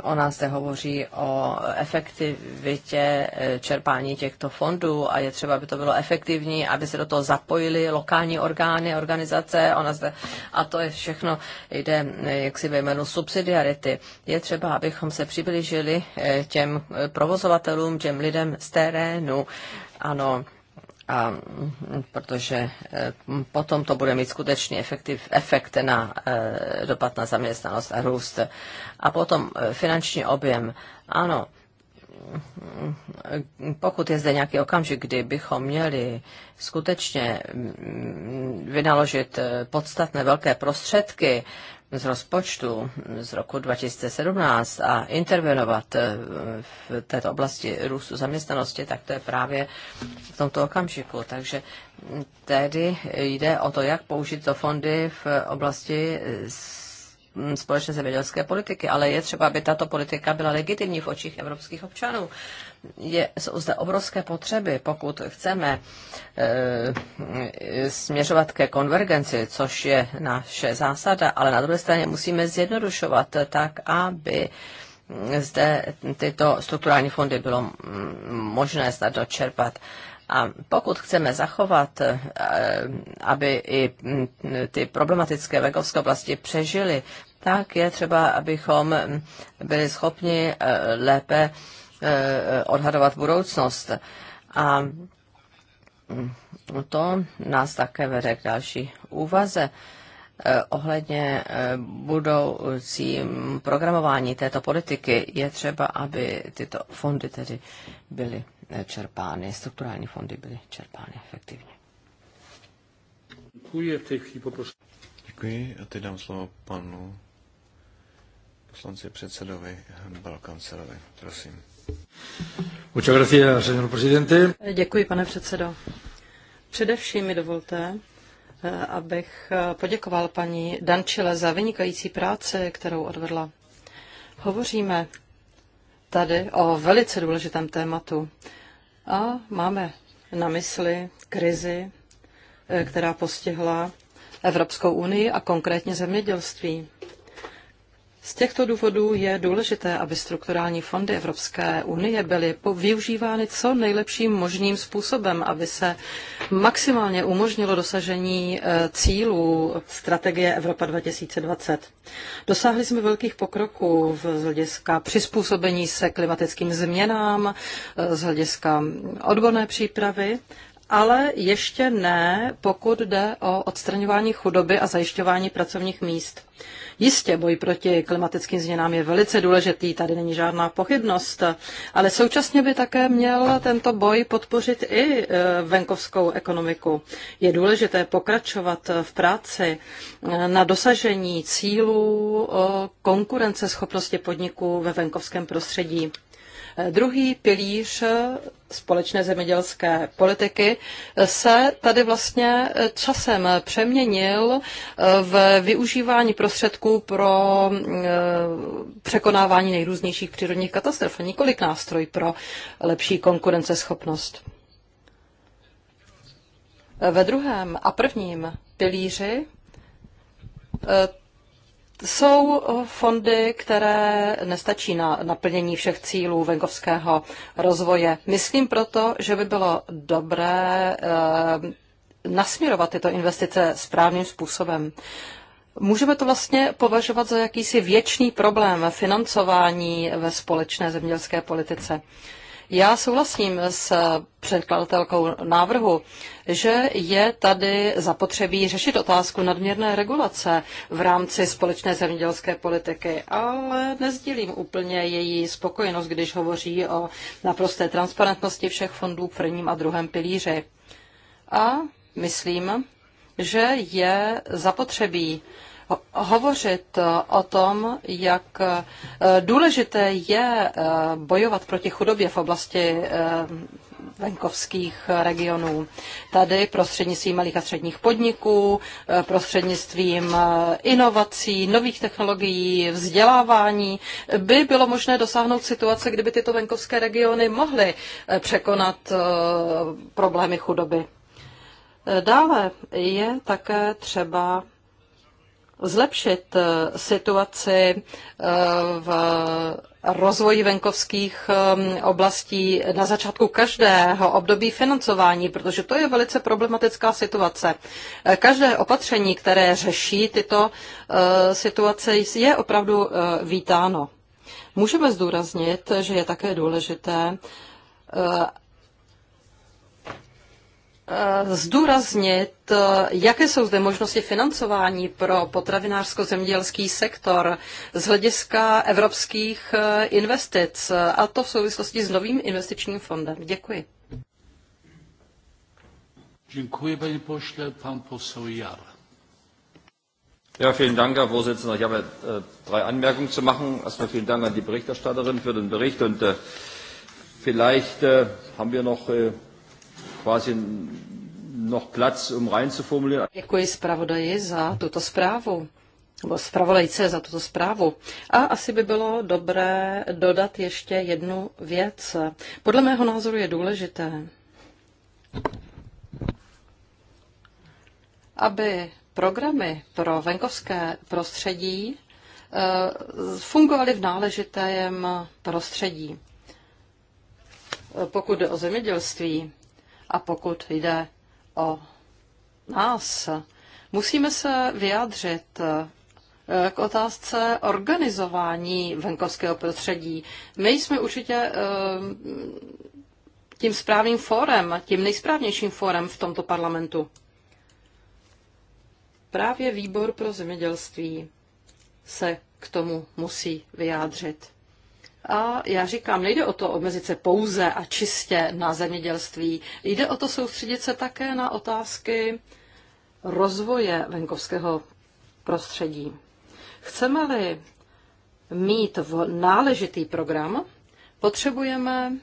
ona zde hovoří o efektivitě čerpání těchto fondů a je třeba, aby to bylo efektivní, aby se do toho zapojili lokální orgány, organizace, ona zde, a to je všechno, jde jaksi ve jménu subsidiarity. Je třeba, abychom se přiblížili těm provozovatelům, těm lidem z terénu, ano, a mm, protože eh, potom to bude mít skutečný efektiv, efekt na eh, dopad na zaměstnanost a růst. A potom eh, finanční objem. Ano, mm, pokud je zde nějaký okamžik, kdy bychom měli skutečně mm, vynaložit podstatné velké prostředky z rozpočtu z roku 2017 a intervenovat eh, v této oblasti růstu zaměstnanosti, tak to je právě v tomto okamžiku. Takže mm, tedy jde o to, jak použít to fondy v oblasti eh, mm, společné zemědělské politiky, ale je třeba, aby tato politika byla legitimní v očích evropských občanů je, jsou zde obrovské potřeby, pokud chceme e, směřovat ke konvergenci, což je naše zásada, ale na druhé straně musíme zjednodušovat tak, aby zde tyto strukturální fondy bylo mm, možné snadno čerpat. A pokud chceme zachovat, eh, aby i mm, ty problematické venkovské oblasti přežily, tak je třeba, abychom mm, byli schopni eh, lépe Eh, odhadovat budoucnost. A to nás také vede k další úvaze eh, ohledně eh, budoucím programování této politiky je třeba, aby tyto fondy tedy byly čerpány, strukturální fondy byly čerpány efektivně. Děkuji, v té Děkuji a teď dám slovo panu poslanci předsedovi Balkancerovi. Prosím. Děkuji, pane předsedo. Především mi dovolte, eh, abych eh, poděkoval paní Dančile za vynikající práci, kterou odvedla. Hovoříme tady o velice důležitém tématu a máme na mysli krizi, eh, která postihla Evropskou unii a konkrétně zemědělství. Z těchto důvodů je důležité, aby strukturální fondy Evropské unie byly využívány co nejlepším možným způsobem, aby se maximálně umožnilo dosažení eh, cílů strategie Evropa 2020. Dosáhli jsme velkých pokroků z hlediska přizpůsobení se klimatickým změnám, eh, z hlediska odborné přípravy, ale ještě ne, pokud jde o odstraňování chudoby a zajišťování pracovních míst. Jistě boj proti klimatickým změnám je velice důležitý, tady není žádná pochybnost, ale současně by také měl tento boj podpořit i e, venkovskou ekonomiku. Je důležité pokračovat v práci e, na dosažení cílů e, konkurenceschopnosti podniků ve venkovském prostředí. Druhý pilíř společné zemědělské politiky se tady vlastně časem přeměnil eh, v využívání prostředků pro eh, překonávání nejrůznějších přírodních katastrof a několik nástroj pro lepší konkurenceschopnost. Ve druhém a prvním pilíři eh, jsou fondy, které nestačí na naplnění všech cílů venkovského rozvoje. Myslím proto, že by bylo dobré eh, nasměrovat tyto investice správným způsobem. Můžeme to vlastně považovat za jakýsi věčný problém financování ve společné zemědělské politice. Já souhlasím s předkladatelkou návrhu, že je tady zapotřebí řešit otázku nadměrné regulace v rámci společné zemědělské politiky, ale nezdílím úplně její spokojenost, když hovoří o naprosté transparentnosti všech fondů v prvním a druhém pilíři. A myslím, že je zapotřebí hovořit eh, o tom, jak eh, důležité je eh, bojovat proti chudobě v oblasti venkovských regionů. Tady prostřednictvím malých a středních podniků, prostřednictvím inovací, nových technologií, vzdělávání by bylo možné dosáhnout situace, kdyby tyto venkovské regiony mohly překonat problémy chudoby. Dále je také třeba zlepšit eh, situaci eh, v rozvoji venkovských eh, oblastí na začátku každého období financování, protože to je velice problematická situace. Každé opatření, které řeší tyto situace, je opravdu vítáno. Můžeme zdůraznit, že je také důležité Eh, zdůraznit, eh, jaké jsou zde možnosti financování pro potravinářsko-zemědělský sektor z hlediska evropských eh, investic, a to v souvislosti s novým investičním fondem. Děkuji. Děkuji, paní pošle, pan posel Jar. Ja, vielen Dank, Herr Vorsitzender. Ich habe äh, drei Anmerkungen zu machen. Erstmal vielen Dank an die Berichterstatterin für den Bericht und äh, vielleicht äh, haben wir noch äh, quasi noch Platz, um reinzuformulieren. Děkuji zpravodaji za tuto zprávu nebo zpravodajce za tuto zprávu. A asi by bylo dobré dodat ještě jednu věc. Podle mého názoru je důležité, aby programy pro venkovské prostředí eh, fungovaly v náležitém prostředí. Pokud jde o zemědělství, a pokud jde o nás, musíme se vyjádřit eh, k otázce organizování venkovského prostředí. My jsme určitě eh, tím správným fórem, tím nejsprávnějším fórem v tomto parlamentu. Právě výbor pro zemědělství se k tomu musí vyjádřit. A já říkám, nejde o to omezit se pouze a čistě na zemědělství. Jde o to soustředit se také na otázky rozvoje venkovského prostředí. Chceme-li mít v náležitý program, potřebujeme e,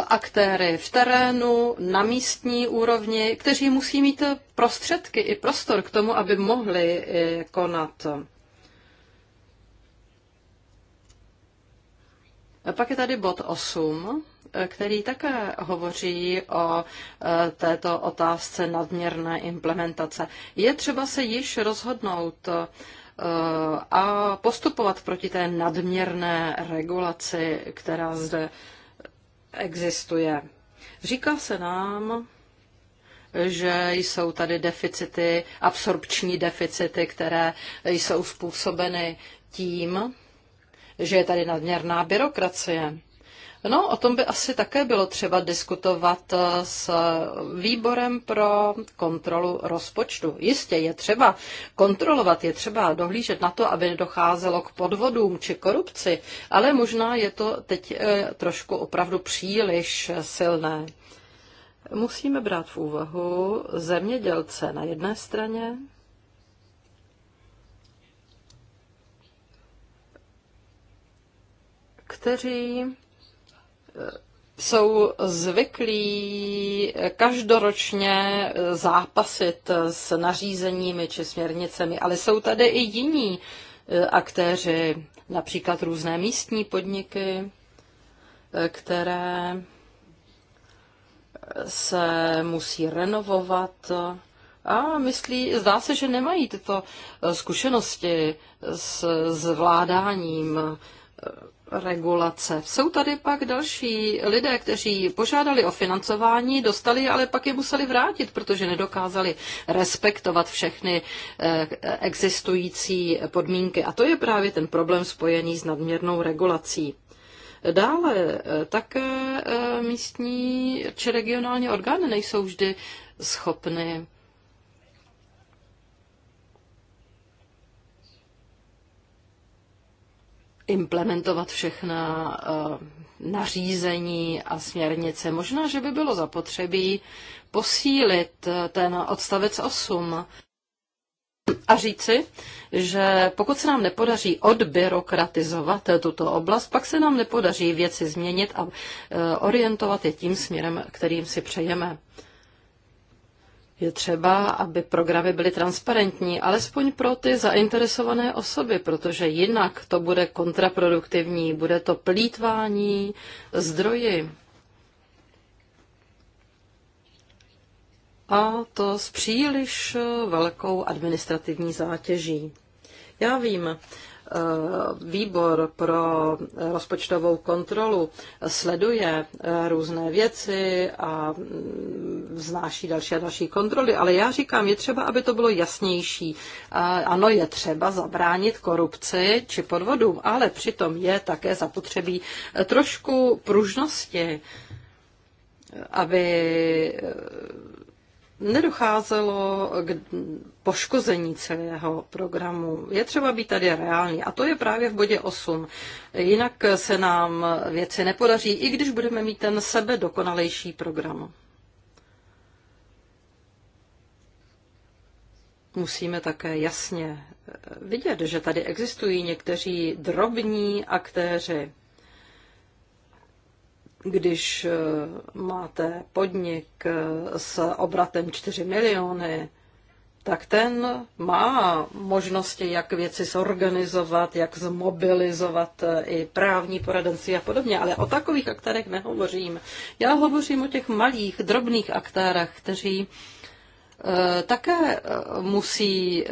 aktéry v terénu, na místní úrovni, kteří musí mít prostředky i prostor k tomu, aby mohli e, konat. Pak je tady bod 8, který také hovoří o e, této otázce nadměrné implementace. Je třeba se již rozhodnout e, a postupovat proti té nadměrné regulaci, která zde existuje. Říká se nám, že jsou tady deficity, absorpční deficity, které jsou způsobeny tím, že je tady nadměrná byrokracie. No, o tom by asi také bylo třeba diskutovat eh, s výborem pro kontrolu rozpočtu. Jistě je třeba kontrolovat, je třeba dohlížet na to, aby nedocházelo k podvodům či korupci, ale možná je to teď eh, trošku opravdu příliš silné. Musíme brát v úvahu zemědělce na jedné straně kteří eh, jsou zvyklí každoročně eh, zápasit s nařízeními či směrnicemi, ale jsou tady i jiní eh, aktéři, například různé místní podniky, které se musí renovovat a myslí, zdá se, že nemají tyto zkušenosti s zvládáním regulace. Jsou tady pak další lidé, kteří požádali o financování, dostali, ale pak je museli vrátit, protože nedokázali respektovat všechny eh, existující podmínky. A to je právě ten problém spojený s nadměrnou regulací. Dále eh, také eh, místní či regionální orgány nejsou vždy schopny implementovat všechna eh, nařízení a směrnice. Možná, že by bylo zapotřebí posílit eh, ten odstavec 8 a říci, že pokud se nám nepodaří odbyrokratizovat tuto oblast, pak se nám nepodaří věci změnit a eh, orientovat je tím směrem, kterým si přejeme. Je třeba, aby programy byly transparentní, alespoň pro ty zainteresované osoby, protože jinak to bude kontraproduktivní, bude to plítvání zdroji. A to s příliš velkou administrativní zátěží. Já vím, Eh, výbor pro rozpočtovou kontrolu sleduje eh, různé věci a mm, vznáší další a další kontroly, ale já říkám, je třeba, aby to bylo jasnější. Eh, ano, je třeba zabránit korupci či podvodům, ale přitom je také zapotřebí trošku pružnosti, aby nedocházelo k poškození celého programu. Je třeba být tady reálný a to je právě v bodě 8. Jinak se nám věci nepodaří, i když budeme mít ten sebe dokonalejší program. Musíme také jasně vidět, že tady existují někteří drobní aktéři, když eh, máte podnik eh, s obratem 4 miliony, tak ten má možnosti, jak věci zorganizovat, jak zmobilizovat eh, i právní poradenství a podobně. Ale o takových aktérech nehovořím. Já hovořím o těch malých, drobných aktérech, kteří také musí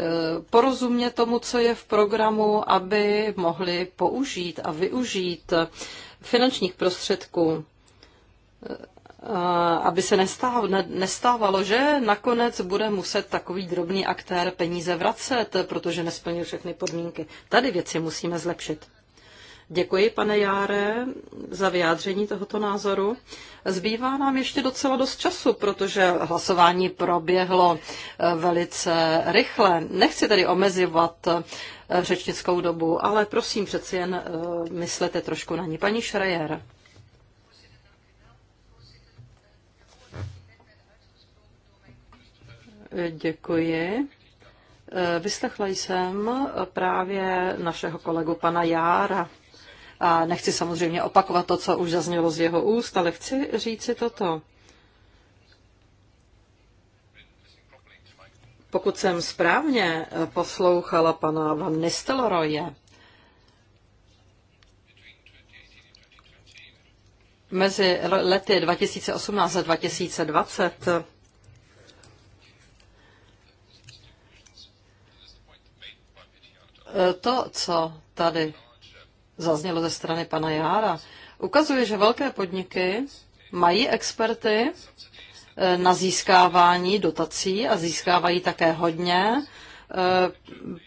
porozumět tomu, co je v programu, aby mohli použít a využít finančních prostředků, aby se nestávalo, že nakonec bude muset takový drobný aktér peníze vracet, protože nesplnil všechny podmínky. Tady věci musíme zlepšit. Děkuji, pane Járe, za vyjádření tohoto názoru. Zbývá nám ještě docela dost času, protože hlasování proběhlo eh, velice rychle. Nechci tedy omezovat eh, řečnickou dobu, ale prosím přeci jen eh, myslete trošku na ní. Paní Šrajer. Děkuji. Vyslechla jsem právě našeho kolegu pana Jára. A nechci samozřejmě opakovat to, co už zaznělo z jeho úst, ale chci říci toto. Pokud jsem správně eh, poslouchala pana Van Nistelroje, mezi lety 2018 a 2020 eh, to, co tady zaznělo ze strany pana Jára, ukazuje, že velké podniky mají experty eh, na získávání dotací a získávají také hodně eh,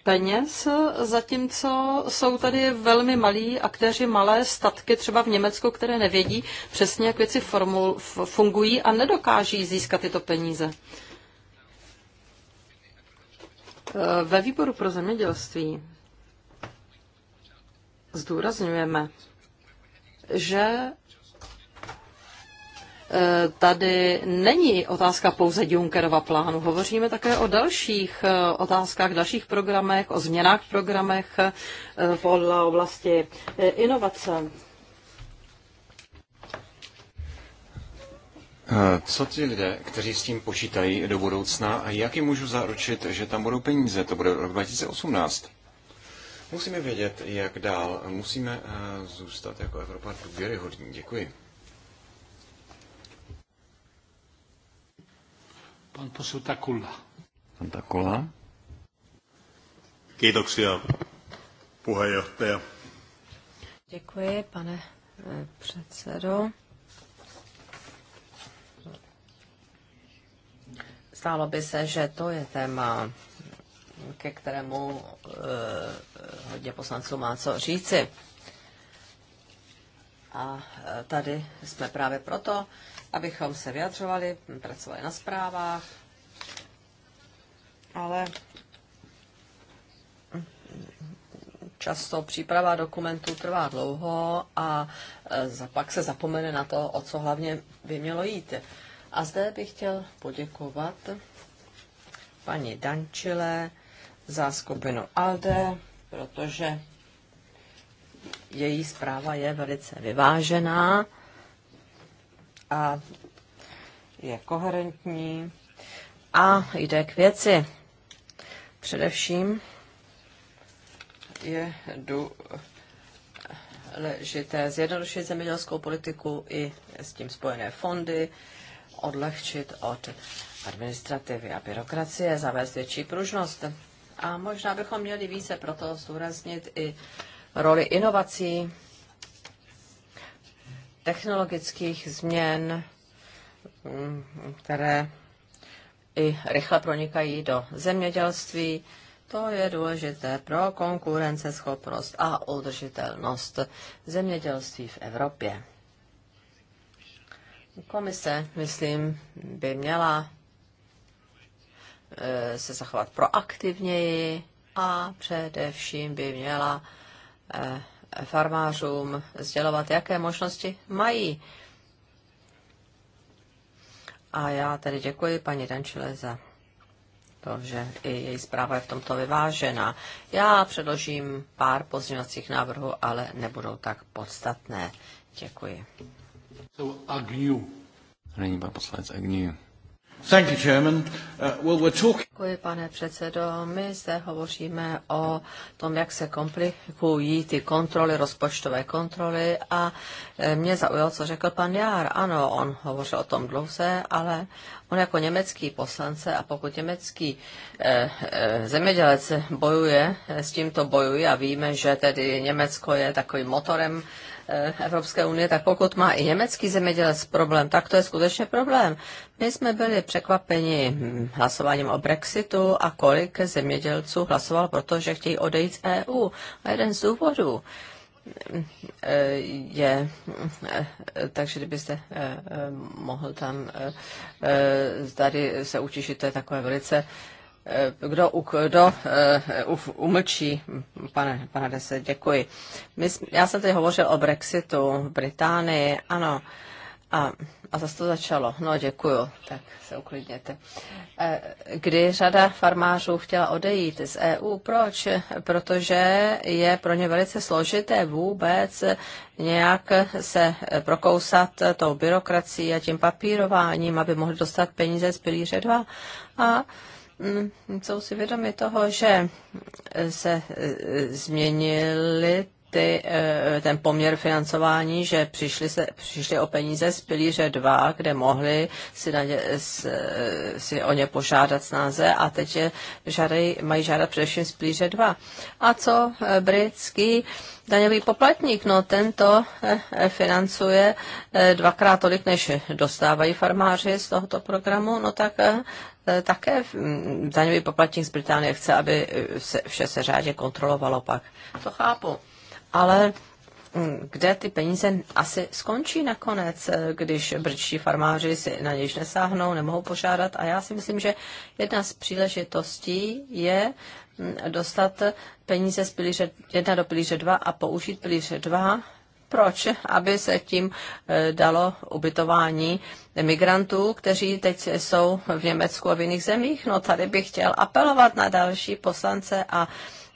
peněz, zatímco jsou tady velmi malí aktéři, malé statky třeba v Německu, které nevědí přesně, jak věci formul, fungují a nedokáží získat tyto peníze. Eh, ve výboru pro zemědělství zdůrazňujeme, že e, tady není otázka pouze Junckerova plánu. Hovoříme také o dalších e, otázkách, dalších programech, o změnách v programech e, v oblasti inovace. Co ti lidé, kteří s tím počítají do budoucna a jak jim můžu zaručit, že tam budou peníze? To bude rok 2018. Musíme vědět, jak dál. Musíme eh, zůstat jako Evropa důvěryhodní. Děkuji. Pan posl Takula. Pan Takula. Kiitoksia, puheenjohtaja. Děkuji, pane eh, předsedo. Stálo by se, že to je téma ke kterému eh, hodně poslanců má co říci. A eh, tady jsme právě proto, abychom se vyjadřovali, pracovali na zprávách, ale často příprava dokumentů trvá dlouho a eh, pak se zapomene na to, o co hlavně by mělo jít. A zde bych chtěl poděkovat paní Dančile za skupinu ALDE, protože její zpráva je velice vyvážená a je koherentní a jde k věci. Především je důležité zjednodušit zemědělskou politiku i s tím spojené fondy, odlehčit od administrativy a byrokracie, zavést větší pružnost. A možná bychom měli více proto zdůraznit i roli inovací, technologických změn, mm, které i rychle pronikají do zemědělství. To je důležité pro konkurenceschopnost a udržitelnost zemědělství v Evropě. Komise, myslím, by měla Eh, se zachovat proaktivněji a především by měla eh, farmářům sdělovat, jaké možnosti mají. A já tedy děkuji paní Dančile za to, že i její zpráva je v tomto vyvážena. Já předložím pár pozměňovacích návrhů, ale nebudou tak podstatné. Děkuji. So Agnew. Není pan poslanec Agniu. Uh, Děkuji, pane předsedo. My zde hovoříme o tom, jak se komplikují ty kontroly, rozpočtové kontroly a e, mě zaujalo, co řekl pan Jár. Ano, on hovořil o tom dlouze, ale on jako německý poslance a pokud německý eh, eh, zemědělec bojuje, e, s tímto bojuje a víme, že tedy Německo je takovým motorem eh, Eh, Evropské unie, tak pokud má i německý zemědělec problém, tak to je skutečně problém. My jsme byli překvapeni hlasováním o Brexitu a kolik zemědělců hlasoval proto, že chtějí odejít z EU. A jeden z důvodů eh, je, eh, takže kdybyste mohl tam tady se utěšit, to je takové velice Eh, kdo, kdo eh, umlčí, pane, pane Dese, děkuji. My, já jsem tady hovořil o Brexitu v Británii, ano, a, a zase to začalo. No, děkuju, tak se uklidněte. Eh, kdy řada farmářů chtěla odejít z EU, proč? Protože je pro ně velice složité vůbec nějak se prokousat tou byrokracií a tím papírováním, aby mohli dostat peníze z pilíře 2. A Mm, jsou si vědomi toho, že se e, změnily ty, e, ten poměr financování, že přišli, se, přišli o peníze z pilíře 2, kde mohli si, na ně, s, e, si o ně požádat snáze a teď je žádaj, mají žádat především z pilíře 2. A co britský daňový poplatník? No tento financuje dvakrát tolik, než dostávají farmáři z tohoto programu, no tak Eh, také hm, daňový poplatník z Británie chce, aby eh, se vše se řádně kontrolovalo pak. To chápu. Ale hm, kde ty peníze asi skončí nakonec, eh, když brčtí farmáři si na něž nesáhnou, nemohou požádat. A já si myslím, že jedna z příležitostí je hm, dostat peníze z pilíře 1 do pilíře 2 a použít pilíře 2 proč? Aby se tím eh, dalo ubytování migrantů, kteří teď jsou v Německu a v jiných zemích. No tady bych chtěl apelovat na další poslance a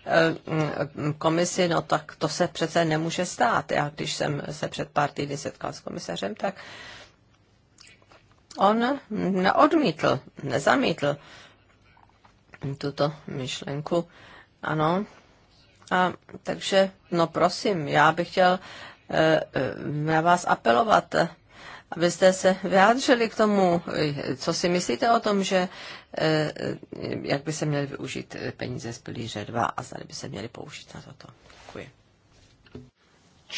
eh, mm, komisi, no tak to se přece nemůže stát. Já když jsem se před pár týdny setkal s komisařem, tak on neodmítl, nezamítl tuto myšlenku. Ano, a takže, no prosím, já bych chtěl Eh, eh, na vás apelovat, abyste se vyjádřili k tomu, eh, co si myslíte o tom, že jak by se měly využít peníze z pilíře 2 a zda by se měly použít na toto. Děkuji.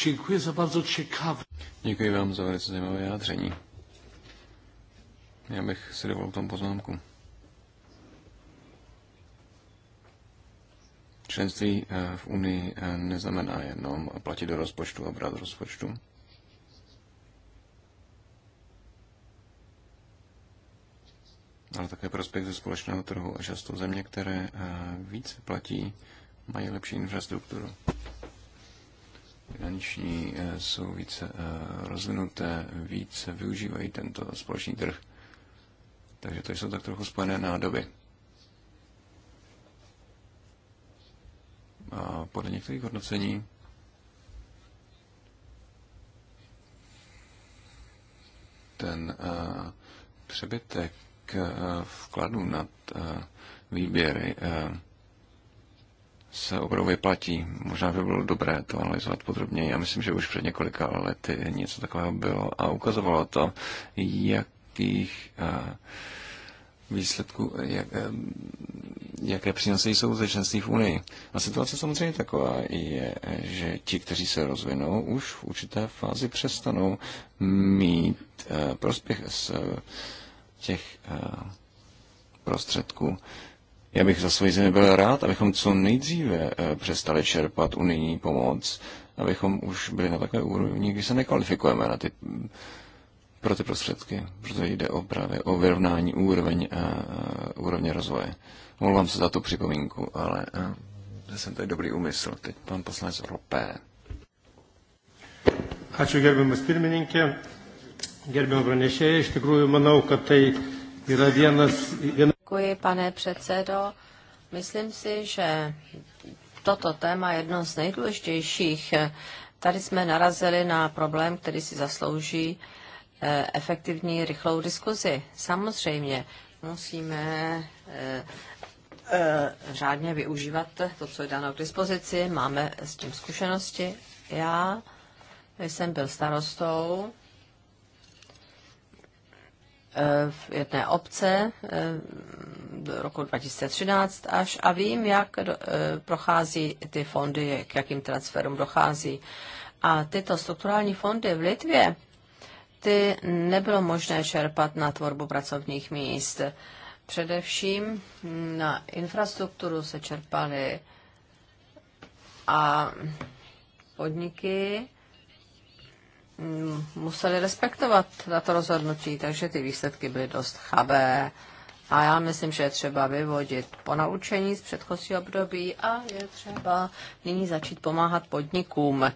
Děkuji za bardzo ciekawe. Děkuji vám za velice zajímavé vyjádření. Já bych si dovolil k tomu poznámku. Členství eh, v Unii eh, neznamená jenom platit do rozpočtu a brát rozpočtu. ale také prospěch ze společného trhu a často země, které eh, více platí, mají lepší infrastrukturu. Finanční jsou více rozvinuté, více využívají tento společný trh. Takže to jsou tak trochu spojené nádoby. A podle některých hodnocení ten eh, přebytek eh, vkladu nad eh, výběry se opravdu vyplatí. Možná by bylo dobré to analyzovat podrobněji. Já myslím, že už před několika lety něco takového bylo a ukazovalo to, jakých výsledku, jak, jaké přínosy jsou ze členství v Unii. A situace samozřejmě taková je, že ti, kteří se rozvinou, už v určité fázi přestanou mít eh, prospěch z eh, těch eh, prostředků. Já bych za svoji zemi byl rád, abychom co nejdříve přestali čerpat unijní pomoc, abychom už byli na takové úrovni, kdy se nekvalifikujeme na ty pro ty prostředky, protože jde o právě o vyrovnání úroveň, uh, úrovně rozvoje. Omlouvám se za tu připomínku, ale uh, jsem tady dobrý úmysl. Teď pan poslanec Ropé. Ačiū gerbiamas pirmininkė, gerbiamas pranešėjai, iš tikrųjų manau, kad tai yra vienas... Viena... Děkuji, pane předsedo. Myslím si, že toto téma je jedno z nejdůležitějších. Tady jsme narazili na problém, který si zaslouží uh, Eh, efektivní, rychlou diskuzi. Samozřejmě musíme eh, eh, řádně využívat to, co je dáno k dispozici. Máme s tím zkušenosti. Já jsem byl starostou v jedné obce do roku 2013 až a vím, jak prochází ty fondy, k jakým transferům dochází. A tyto strukturální fondy v Litvě ty nebylo možné čerpat na tvorbu pracovních míst. Především na infrastrukturu se čerpaly a podniky museli respektovat tato rozhodnutí, takže ty výsledky byly dost chabé. A já myslím, že je třeba vyvodit ponaučení z předchozího období a je třeba nyní začít pomáhat podnikům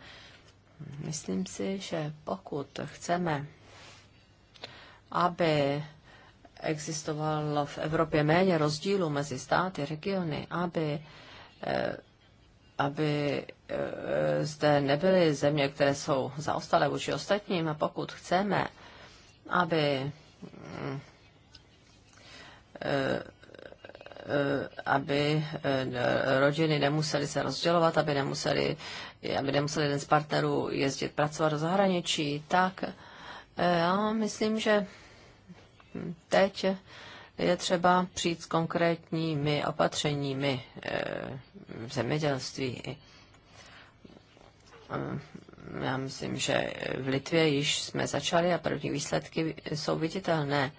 Myslím si, že pokud chceme, aby existovalo v Evropě méně rozdílů mezi státy, regiony, aby, eh, aby eh, zde nebyly země, které jsou zaostalé vůči ostatním, a pokud chceme, aby mm, eh, aby rodiny nemusely se rozdělovat, aby nemusely aby nemusel jeden z partnerů jezdit pracovat do zahraničí, tak eh, já myslím, že teď je třeba přijít s konkrétními opatřeními eh, v zemědělství. Eh, já myslím, že v Litvě již jsme začali a první výsledky jsou viditelné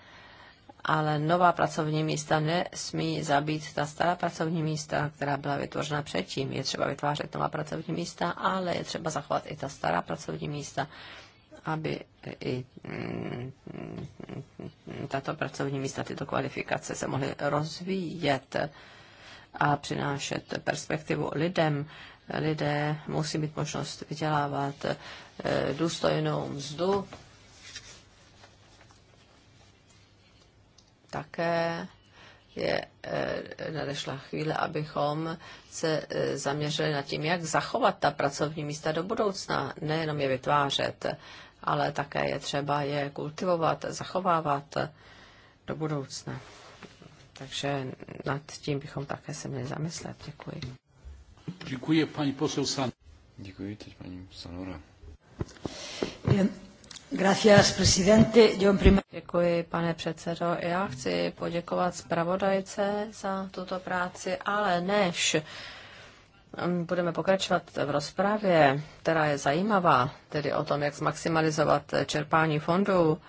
ale nová pracovní místa nesmí zabít ta stará pracovní místa, která byla vytvořena předtím. Je třeba vytvářet nová pracovní místa, ale je třeba zachovat i ta stará pracovní místa, aby i mm, tato pracovní místa, tyto kvalifikace se mohly rozvíjet a přinášet perspektivu lidem. Lidé musí mít možnost vydělávat eh, důstojnou mzdu, také je eh, nadešla chvíle, abychom se eh, zaměřili na tím, jak zachovat ta pracovní místa do budoucna, nejenom je vytvářet, ale také je třeba je kultivovat, zachovávat do budoucna. Takže nad tím bychom také se měli zamyslet. Děkuji. Děkuji, paní posel San. Děkuji, teď paní Sanora. Děkuji, pane předsedo. Já chci poděkovat zpravodajce za tuto práci, ale než mm, budeme pokračovat v rozpravě, která je zajímavá, tedy o tom, jak zmaximalizovat čerpání fondů,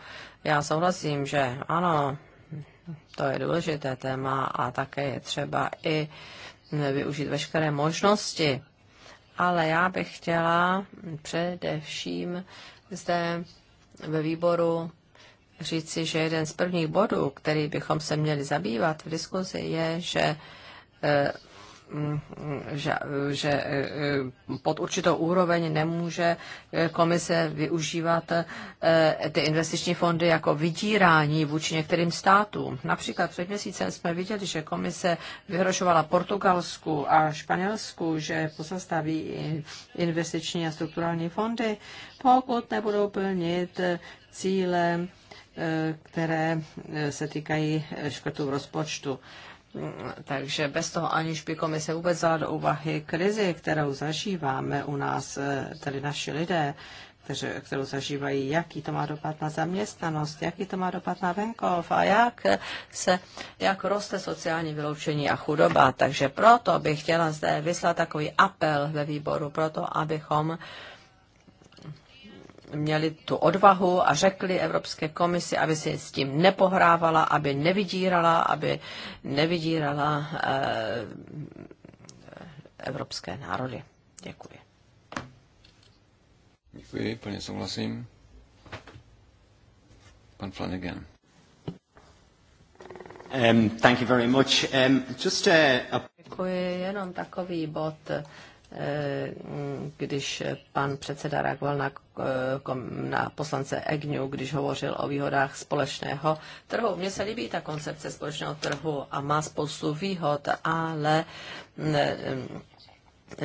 já souhlasím, že ano, to je důležité téma a také je třeba i využít veškeré možnosti. Ale já bych chtěla především zde ve výboru říci, že jeden z prvních bodů, který bychom se měli zabývat v diskuzi, je, že eh, že, že eh, pod určitou úroveň nemůže eh, komise využívat eh, ty investiční fondy jako vydírání vůči některým státům. Například před měsícem jsme viděli, že komise vyhrožovala Portugalsku a Španělsku, že pozastaví investiční a strukturální fondy, pokud nebudou plnit cíle, které se týkají škrtu v rozpočtu. Takže bez toho, aniž by komise vůbec vzala do úvahy krizi, kterou zažíváme u nás, eh, tedy naši lidé, kterou zažívají, jaký to má dopad na zaměstnanost, jaký to má dopad na venkov a jak se, jak roste sociální vyloučení a chudoba. Takže proto bych chtěla zde vyslat takový apel ve výboru, proto abychom uh, měli tu odvahu a řekli Evropské komisi, aby si s tím nepohrávala, aby nevydírala, aby nevydírala eh, evropské národy. Děkuji. Děkuji, plně souhlasím. Pan Flanagan. Um, thank you very much. Um, just a... Děkuji, jenom takový bod když pan předseda reagoval na, na poslance Egnu, když hovořil o výhodách společného trhu. Mně se líbí ta koncepce společného trhu a má spoustu výhod, ale ne,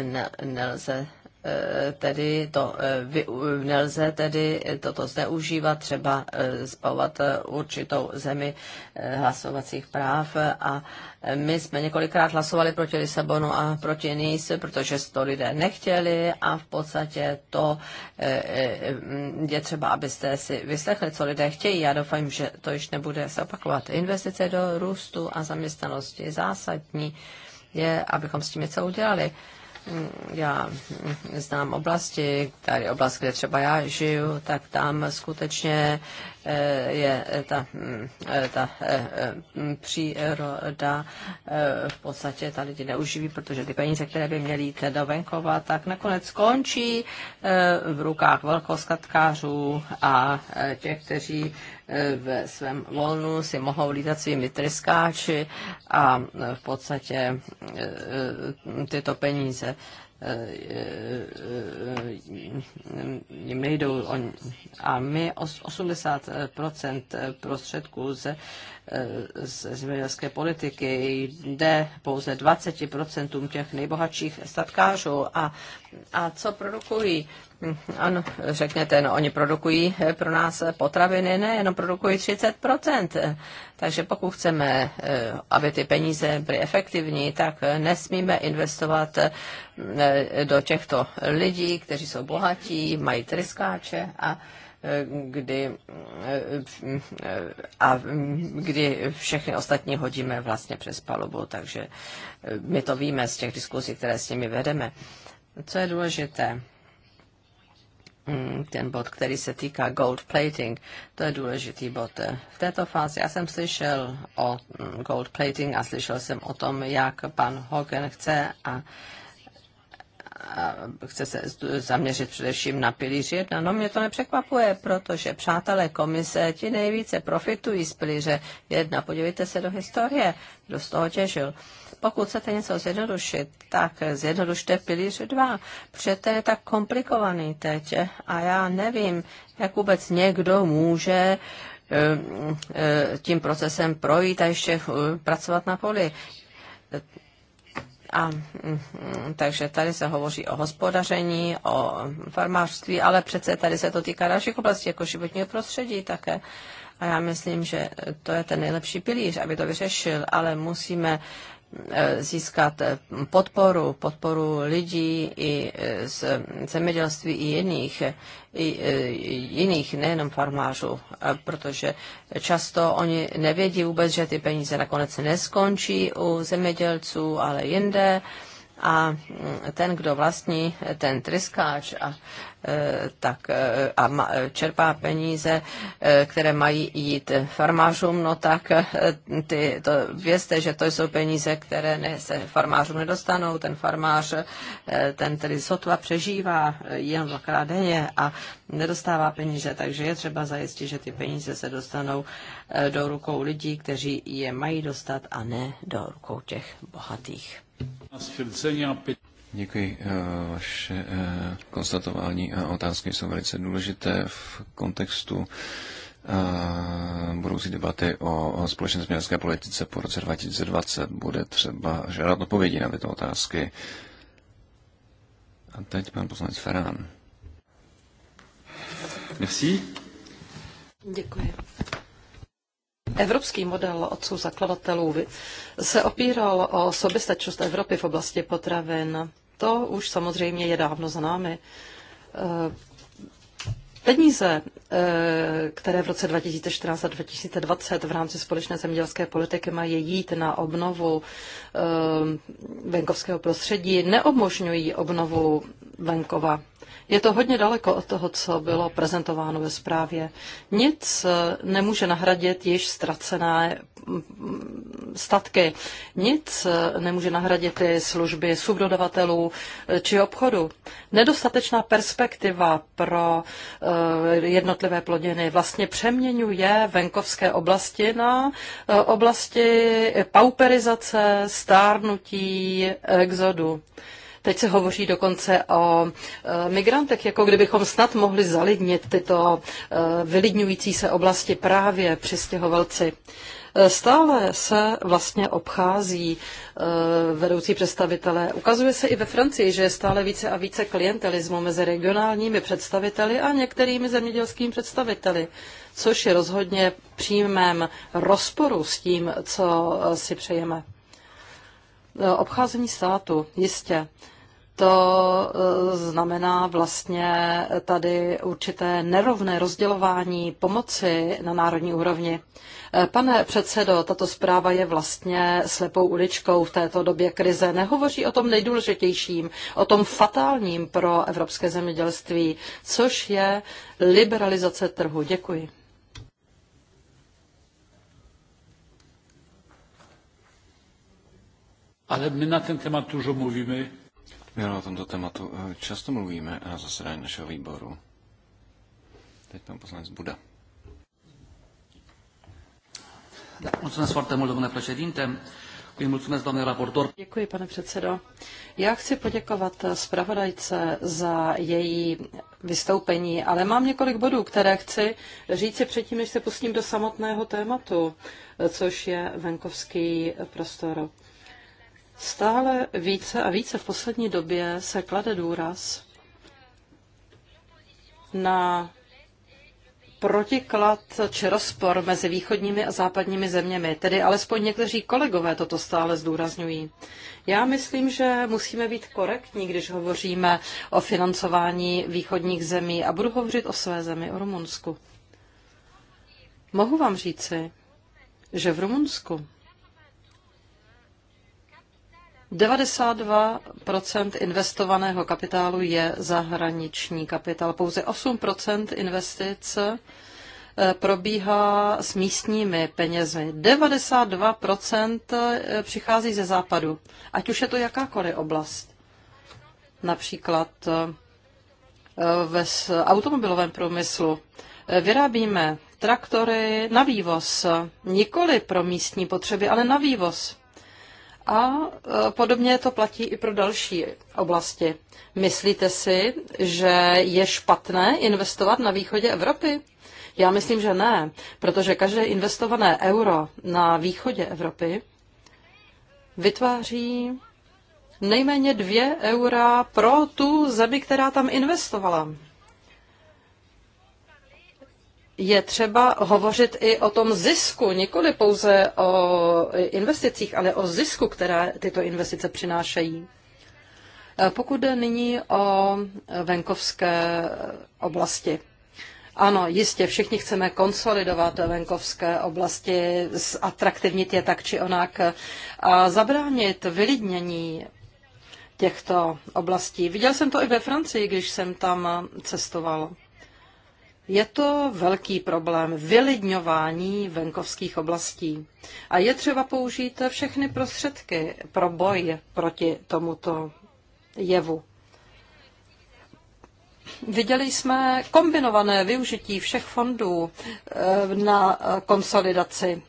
ne, nelze Eh, tedy to eh, nelze tedy toto zneužívat, třeba zbavovat eh, určitou zemi hlasovacích práv a my jsme několikrát hlasovali proti Lisabonu a proti Nice, protože to lidé nechtěli a v podstatě to je třeba, abyste si vyslechli, co lidé chtějí. Já doufám, že to již nebude se opakovat. Investice do růstu a zaměstnanosti zásadní je, abychom s tím něco udělali. Mm, já znám oblasti, tady oblast, kde třeba já žiju, tak tam skutečně eh, je ta, mm, eh, ta eh, příroda v podstatě ta lidi neuživí, protože ty peníze, které by měly jít do venkova, tak nakonec skončí v rukách velkoskatkářů a těch, kteří Eh, ve svém volnu si mohou lítat svými tryskáči a eh, v podstatě eh, tyto peníze jim nejdou a my 80% prostředků ze Eh, z zemědělské politiky jde pouze 20% těch nejbohatších statkářů. A, a co produkují? Hm, ano, řekněte, no, oni produkují eh, pro nás potraviny, ne, jenom produkují 30%. Takže pokud chceme, eh, aby ty peníze byly efektivní, tak nesmíme investovat do těchto lidí, kteří jsou bohatí, mají tryskáče a kdy, a kdy všechny ostatní hodíme vlastně přes palubu, takže my to víme z těch diskusí, které s nimi vedeme. Co je důležité? Mm, ten bod, který se týká gold plating, to je důležitý bod. V této fázi já jsem slyšel o mm, gold plating a slyšel jsem o tom, jak pan Hogan chce a a chce se zaměřit především na pilíř 1. No mě to nepřekvapuje, protože přátelé komise ti nejvíce profitují z pilíře 1. Podívejte se do historie, kdo z toho těžil. Pokud chcete něco zjednodušit, tak zjednodušte pilíř 2, protože ten je tak komplikovaný teď a já nevím, jak vůbec někdo může eh, eh, tím procesem projít a ještě eh, pracovat na poli a mm, takže tady se hovoří o hospodaření, o farmářství, ale přece tady se to týká dalších oblastí, jako životního prostředí také. A já myslím, že to je ten nejlepší pilíř, aby to vyřešil, ale musíme Eh, získat eh, podporu, podporu lidí i eh, z zemědělství i jiných, i, jiných nejenom farmářů, protože často oni nevědí vůbec, že ty peníze nakonec neskončí u zemědělců, ale jinde a ten, kdo vlastní ten tryskáč a, e, tak, e, a e, čerpá peníze, které mají jít farmářům, no tak ty, to vězte, že to jsou peníze, které ne, se farmářům nedostanou. Ten farmář, ten tedy sotva přežívá jen dvakrát denně a nedostává peníze, takže je třeba zajistit, že ty peníze se dostanou do rukou lidí, kteří je mají dostat a ne do rukou těch bohatých. Děkuji. Eh, vaše eh, konstatování a otázky jsou velice důležité v kontextu eh, budoucí debaty o společné změnské politice po roce 2020. Bude třeba žádat odpovědi na tyto otázky. A teď pan poslanec Ferán. Merci. Děkuji. Evropský model otců zakladatelů se opíral o soběstačnost Evropy v oblasti potravin. To už samozřejmě je dávno za námi. Eh, peníze, eh, které v roce 2014 a 2020 v rámci společné zemědělské politiky mají jít na obnovu eh, venkovského prostředí, neumožňují obnovu venkova. Je to hodně daleko od toho, co bylo prezentováno ve zprávě. Nic eh, nemůže nahradit již ztracené mm, mm, statky. Nic eh, nemůže nahradit ty služby subdodavatelů eh, či obchodu. Nedostatečná perspektiva pro jednotlivé plodiny vlastně přeměňuje venkovské oblasti na oblasti pauperizace, stárnutí, exodu. Teď se hovoří dokonce o eh, migrantech, jako kdybychom snad mohli zalidnit tyto eh, vylidňující se oblasti právě přistěhovalci. Eh, stále se vlastně obchází vedoucí představitelé. Ukazuje se i ve Francii, že je stále více a více klientelismu mezi regionálními představiteli a některými zemědělskými představiteli, což je rozhodně přímém rozporu s tím, co si přejeme. E, obcházení státu, jistě. To e, znamená vlastně tady určité nerovné rozdělování pomoci na národní úrovni. E, pane předsedo, tato zpráva je vlastně slepou uličkou v této době krize. Nehovoří o tom nejdůležitějším, o tom fatálním pro evropské zemědělství, což je liberalizace trhu. Děkuji. ale my na ten temat dużo mówimy. My o tomto tématu eh, často mluvíme na zasedání našeho výboru. Teď pan poslanec Buda. mulțumesc foarte mult, domnule președinte. Děkuji, mulțumesc, doamne raportor. Děkuji, pane předsedo. Já chci poděkovat eh, zpravodajce za její vystoupení, ale mám několik bodů, které chci říci předtím, než se pustím do samotného tématu, eh, což je venkovský prostor. Stále více a více v poslední době se klade důraz na protiklad či rozpor mezi východními a západními zeměmi, tedy alespoň někteří kolegové toto stále zdůrazňují. Já myslím, že musíme být korektní, když hovoříme o financování východních zemí a budu hovořit o své zemi, o Rumunsku. Mohu vám říci, že v Rumunsku 92 investovaného kapitálu je zahraniční kapitál. Pouze 8 investic eh, probíhá s místními penězmi. 92 eh, přichází ze západu, ať už je to jakákoliv oblast. Například eh, ve automobilovém průmyslu vyrábíme traktory na vývoz, nikoli pro místní potřeby, ale na vývoz. A e, podobně to platí i pro další oblasti. Myslíte si, že je špatné investovat na východě Evropy? Já myslím, že ne, protože každé investované euro na východě Evropy vytváří nejméně dvě eura pro tu zemi, která tam investovala je třeba hovořit i o tom zisku, nikoli pouze o investicích, ale o zisku, které tyto investice přinášejí. E, pokud jde nyní o venkovské oblasti. Ano, jistě, všichni chceme konsolidovat venkovské oblasti, zatraktivnit je tak či onak a zabránit vylidnění těchto oblastí. Viděl jsem to i ve Francii, když jsem tam cestoval. Je to velký problém vylidňování venkovských oblastí a je třeba použít všechny prostředky pro boj proti tomuto jevu. Viděli jsme kombinované využití všech fondů eh, na konsolidaci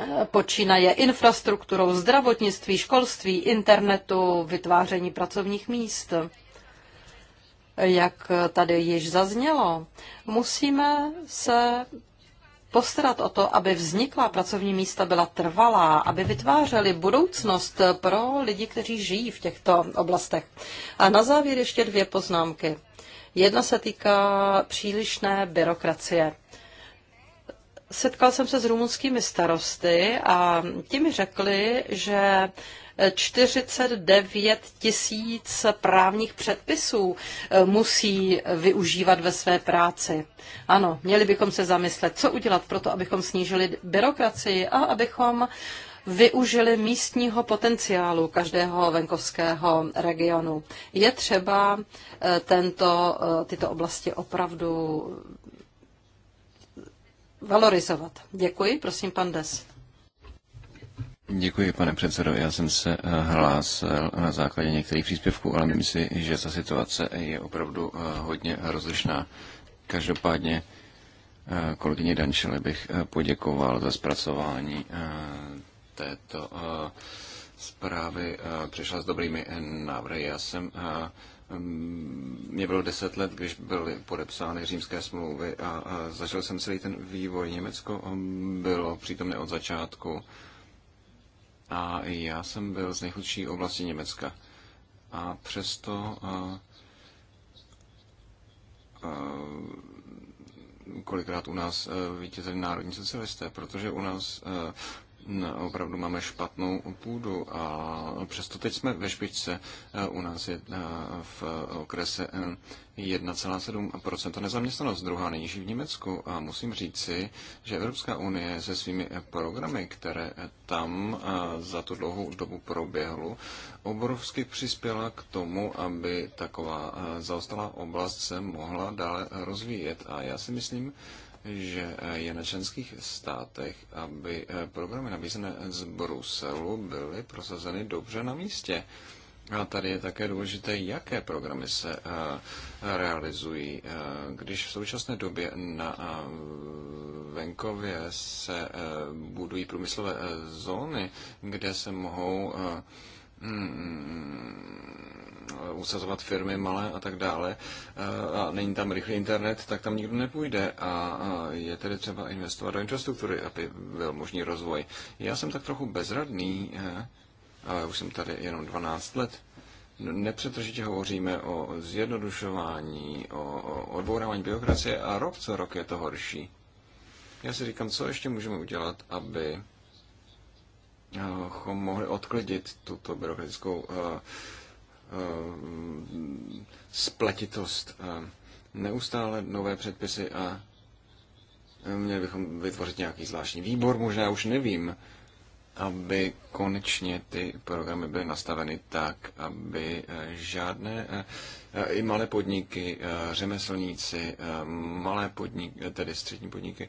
eh, počínaje infrastrukturou, zdravotnictví, školství, internetu, vytváření pracovních míst jak tady již zaznělo, musíme se postarat o to, aby vznikla pracovní místa byla trvalá, aby vytvářely budoucnost pro lidi, kteří žijí v těchto oblastech. A na závěr ještě dvě poznámky. Jedna se týká přílišné byrokracie. Setkal jsem se s rumunskými starosty a ti mi řekli, že 49 tisíc právních předpisů eh, musí využívat ve své práci. Ano, měli bychom se zamyslet, co udělat pro to, abychom snížili byrokracii a abychom využili místního potenciálu každého venkovského regionu. Je třeba eh, tento, eh, tyto oblasti opravdu valorizovat. Děkuji, prosím, pan Des. Děkuji, pane předsedo. Já jsem se eh, hlásil na základě některých příspěvků, ale myslím si, že ta situace je opravdu eh, hodně rozlišná. Každopádně eh, kolegyně Dančele bych poděkoval za zpracování této zprávy. Přišla s dobrými návrhy. Já jsem mě mm, bylo deset let, když byly podepsány římské smlouvy a zažil jsem celý ten vývoj. Německo bylo přítomné od začátku a já jsem byl z nejchudší oblasti Německa. A přesto a, a, kolikrát u nás e, vítězili národní socialisté, protože u nás e, no opravdu máme špatnou půdu a přesto teď jsme ve špičce. E, u nás je e, v okrese 1,7% e, nezaměstnanost, druhá nejnižší v Německu. A musím říci, že Evropská unie se svými programy, které tam za tu dlouhou dobu proběhlo, obrovsky přispěla k tomu, aby taková zaostalá oblast se mohla dále rozvíjet. A já si myslím, že je na členských státech, aby eh, programy nabízené z Bruselu byly prosazeny dobře na místě. A tady je také důležité, jaké programy se eh, realizují. Eh, když v současné době na venkově se budují průmyslové zóny, kde se mohou mm, Eh, usazovat firmy malé a tak dále, eh, a není tam rychlý internet, tak tam nikdo nepůjde a je tedy třeba investovat do infrastruktury, aby byl možný rozvoj. Já jsem tak trochu bezradný, eh, ale už jsem tady jenom 12 let, nepřetržitě hovoříme o zjednodušování, o odbourávání byrokracie a rok co rok je to horší. Já si říkám, co ještě můžeme udělat, aby mohli odklidit tuto byrokratickou Eh, spletitost, eh, neustále nové předpisy a eh, měli bychom vytvořit nějaký zvláštní výbor, možná už nevím, aby konečně ty programy byly nastaveny tak, aby žádné i malé podniky, řemeslníci, malé podniky, tedy střední podniky,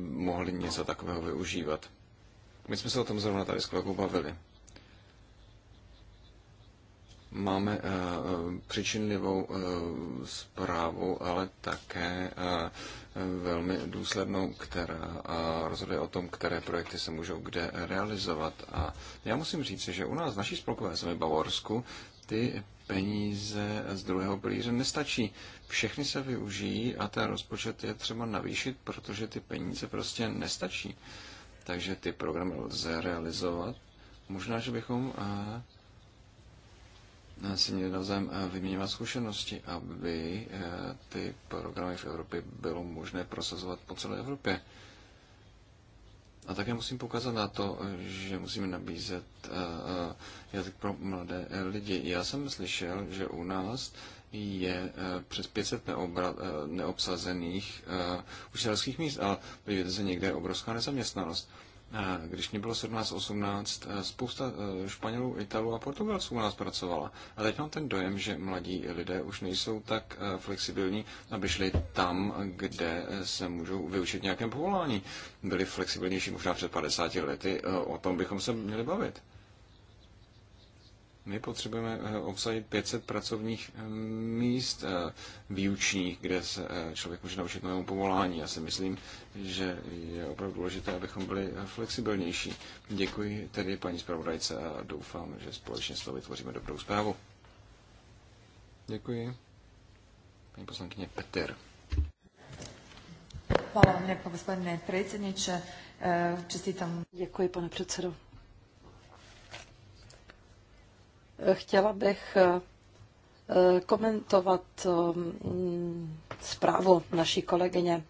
mohli něco takového využívat. My jsme se o tom zrovna tady s kolegou bavili. Máme eh, eh, přičinlivou eh, zprávu, ale také velmi důslednou, která rozhoduje o tom, které projekty se můžou kde realizovat. A já musím říct, že u nás v naší spolkové zemi Bavorsku ty peníze z druhého pilíře nestačí. Všechny se využijí a ten rozpočet je třeba navýšit, protože ty peníze prostě nestačí. Takže ty programy lze realizovat. Možná, že bychom si měli navzájem eh, vyměňovat zkušenosti, aby eh, ty programy v Evropě bylo možné prosazovat po celé Evropě. A také musím poukázat na to, že musíme nabízet eh, jazyk pro mladé lidi. Já jsem slyšel, že u nás je přes 500 neobsazených učitelských míst, ale podívejte se, někde je obrovská nezaměstnanost. Když mě bylo 17-18, eh, spousta eh, Španělů, Italů a Portugalců u nás pracovala. A teď mám ten dojem, že mladí lidé už nejsou tak eh, flexibilní, aby šli tam, kde se můžou vyučit nějakém povolání. Byli flexibilnější možná před 50 lety, o tom bychom se měli bavit. My potřebujeme eh, obsadit 500 pracovních eh, míst eh, výučních, kde se člověk může naučit novému povolání. Já si myslím, že je opravdu důležité, abychom byli flexibilnější. Děkuji tedy paní zpravodajce a doufám, že společně s toho vytvoříme dobrou zprávu. Děkuji. Paní poslankyně Petr. Hvala vám, lijepo, gospodine predsjedniče. Čestitam. Děkuji, pane předsedo. Chtěla bych eh, komentovat eh, zprávu naší kolegyně.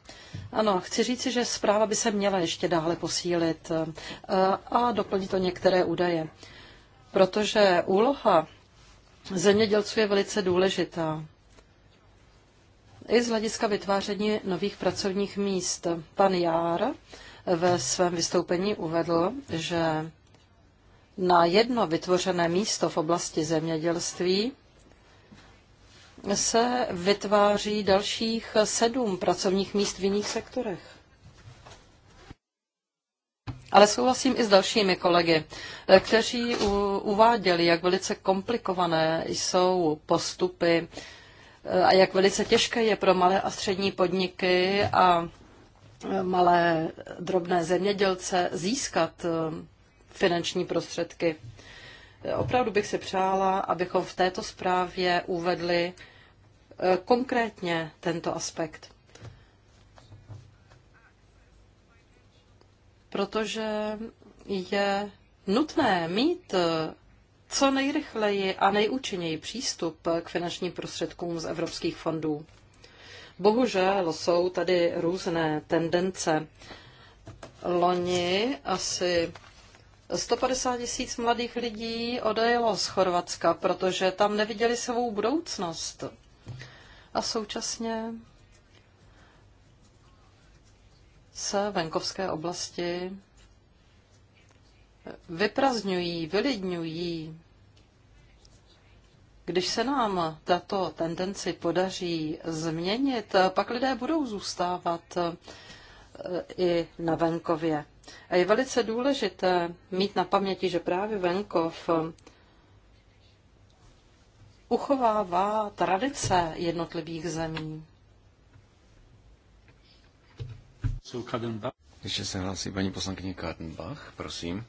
Ano, chci říci, že zpráva by se měla ještě dále posílit eh, a doplnit to některé údaje, protože úloha zemědělců je velice důležitá. I z hlediska vytváření nových pracovních míst. Pan Jár ve svém vystoupení uvedl, že na jedno vytvořené místo v oblasti zemědělství se vytváří dalších sedm pracovních míst v jiných sektorech. Ale souhlasím i s dalšími kolegy, kteří uváděli, jak velice komplikované jsou postupy eh, a jak velice těžké je pro malé a střední podniky a malé drobné zemědělce získat eh, finanční prostředky. Opravdu bych si přála, abychom v této zprávě uvedli eh, konkrétně tento aspekt. Protože je nutné mít eh, co nejrychleji a nejúčinněji přístup k finančním prostředkům z evropských fondů. Bohužel jsou tady různé tendence. Loni asi 150 tisíc mladých lidí odejelo z Chorvatska, protože tam neviděli svou budoucnost. A současně se venkovské oblasti vyprazňují, vylidňují. Když se nám tato tendenci podaří změnit, pak lidé budou zůstávat eh, i na venkově. A je velice důležité mít na paměti, že právě venkov eh, uchovává tradice jednotlivých zemí. Ještě se hlásí paní poslankyně Kartenbach, prosím.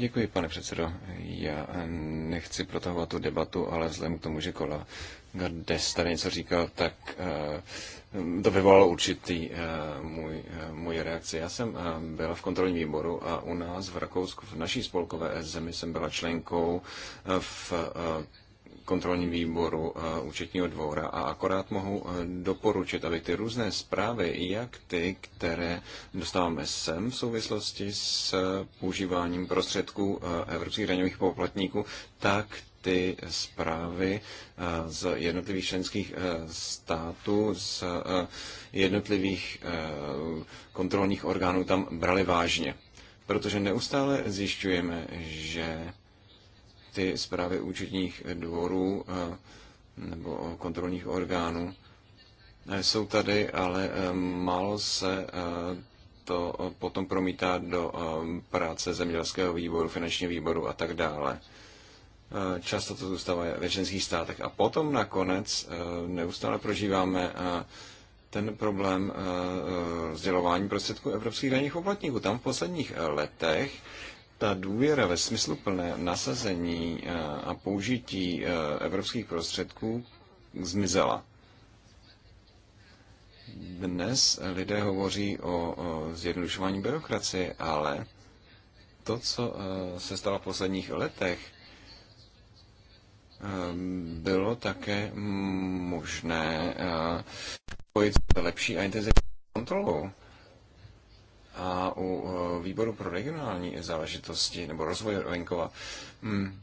Děkuji, pane předsedo. Já eh, nechci protahovat tu debatu, ale vzhledem k tomu, že kola Gardes tady něco říkal, tak eh, to vyvolalo určitý eh, můj, můj reakci. Já jsem byla v kontrolním výboru a u nás v Rakousku, v naší spolkové zemi, jsem byla členkou v kontrolním výboru eh, účetního dvora a akorát mohu eh, doporučit, aby ty různé zprávy, jak ty, které dostáváme sem v souvislosti s eh, používáním prostředků evropských daňových poplatníků, tak ty zprávy z jednotlivých členských států, z jednotlivých kontrolních orgánů tam brali vážně. Protože neustále zjišťujeme, že ty zprávy účetních dvorů eh, nebo kontrolních orgánů eh, jsou tady, ale eh, málo se to potom promítá do práce zemědělského výboru, finančního výboru a tak dále. Často to zůstává ve členských státech. A potom nakonec neustále prožíváme ten problém sdělování prostředků evropských daních poplatníků. Tam v posledních letech ta důvěra ve smysluplné nasazení eh, a použití eh, evropských prostředků zmizela. Dnes lidé hovoří o zjednodušování byrokracie, ale to, co eh, se stalo v posledních letech, bylo také možné spojit s lepší a intenzivní kontrolou a u eh, výboru pro regionální záležitosti nebo rozvoj venkova hmm,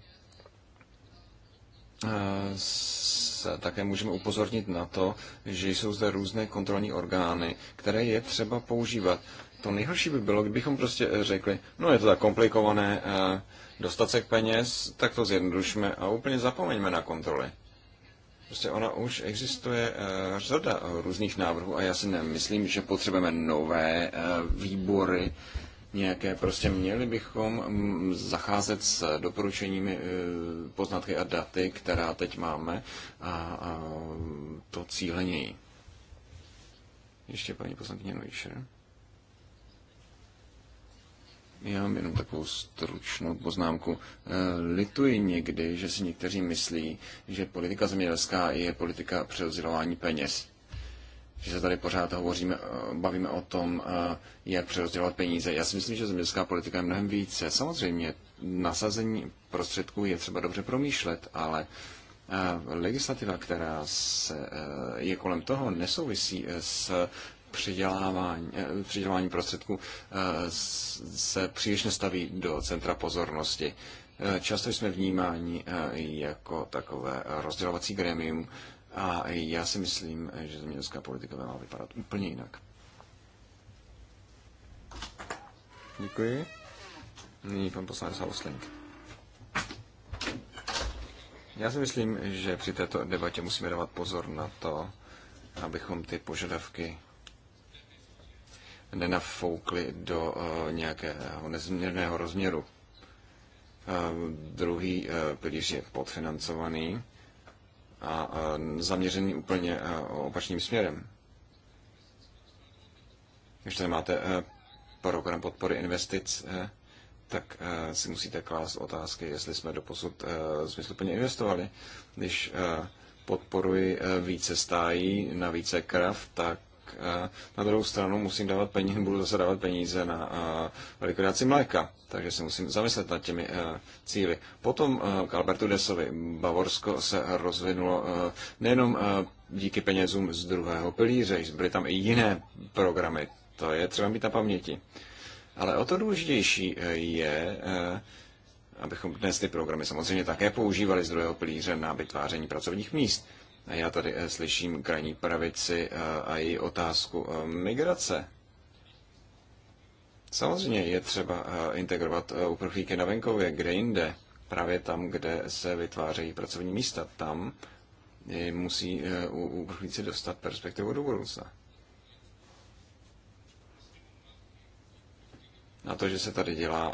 se také můžeme upozornit na to, že jsou zde různé kontrolní orgány, které je třeba používat. To nejhorší by bylo, kdybychom prostě řekli, no je to tak komplikované, eh, dostat se k peněz, tak to zjednodušme a úplně zapomeňme na kontroly. Prostě ona už existuje eh, řada eh, různých návrhů a já si nemyslím, že potřebujeme nové eh, výbory nějaké. Prostě měli bychom mm, zacházet s doporučeními poznatky a daty, která teď máme a to cíleněji. Ještě paní poslankyně Neušer. Já mám jenom takovou stručnou poznámku. E, lituji někdy, že si někteří myslí, že politika zemědělská je politika přerozdělování peněz. Že se tady pořád hovoříme, e, bavíme o tom, e, jak přerozdělovat peníze. Já si myslím, že zemědělská politika je mnohem více. Samozřejmě nasazení prostředků je třeba dobře promýšlet, ale legislativa, která se je kolem toho, nesouvisí s přidělávání, eh, přidělování prostředků eh, se příliš nestaví do centra pozornosti. Eh, často jsme vnímáni jako takové rozdělovací gremium a já si myslím, že zemědělská politika by měla vypadat úplně jinak. Děkuji. Nyní pan poslanec Hauslink. Já si myslím, že při této debatě musíme dávat pozor na to, abychom ty požadavky nenafoukli do eh, nějakého nezměrného rozměru. Eh, druhý eh, pilíř je podfinancovaný a zaměřený úplně opačným směrem. Když tady máte program podpory investic, tak si musíte klást otázky, jestli jsme doposud smysluplně investovali. Když podporuji více stájí na více krav, tak tak eh, na druhou stranu musím dávat peníze, budu zase dávat peníze na eh, likvidaci mléka, takže se musím zamyslet nad těmi eh, cíly. Potom k Albertu Desovi. Bavorsko se rozvinulo nejenom díky penězům z druhého pilíře, byly tam i jiné programy, to je třeba mít na paměti. Ale o to důležitější je, abychom dnes ty programy samozřejmě také používali z druhého pilíře na vytváření pracovních míst. Já tady eh, slyším krajní pravici eh, a její otázku eh, migrace. Samozřejmě je třeba integrovat uprchlíky na venkově, kde jinde, právě tam, kde se vytvářejí pracovní místa. Tam musí uprchlíci dostat perspektivu do budoucna. A to, že se tady dělá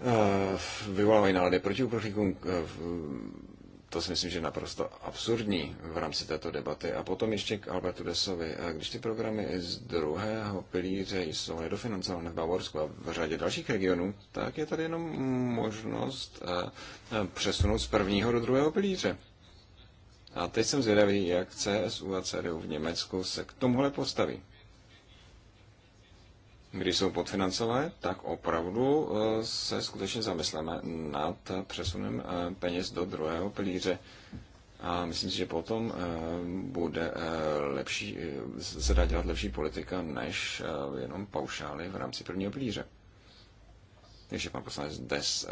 Eh, vyvolávají nálady proti uprchlíkům, eh, to si myslím, že je naprosto absurdní v rámci této debaty. A potom ještě k Albertu Desovi. Eh, když ty programy z druhého pilíře jsou nedofinancované v Bavorsku a v řadě dalších regionů, tak je tady jenom možnost přesunout z prvního do druhého pilíře. A teď jsem zvědavý, jak CSU a CDU v Německu se k tomuhle postaví když jsou podfinancované, tak opravdu eh, se skutečně zamysleme nad přesunem eh, peněz do druhého pilíře. A myslím si, že potom eh, bude lepší, se dá dělat lepší politika, než jenom paušály v rámci prvního pilíře. Takže pan poslanec Des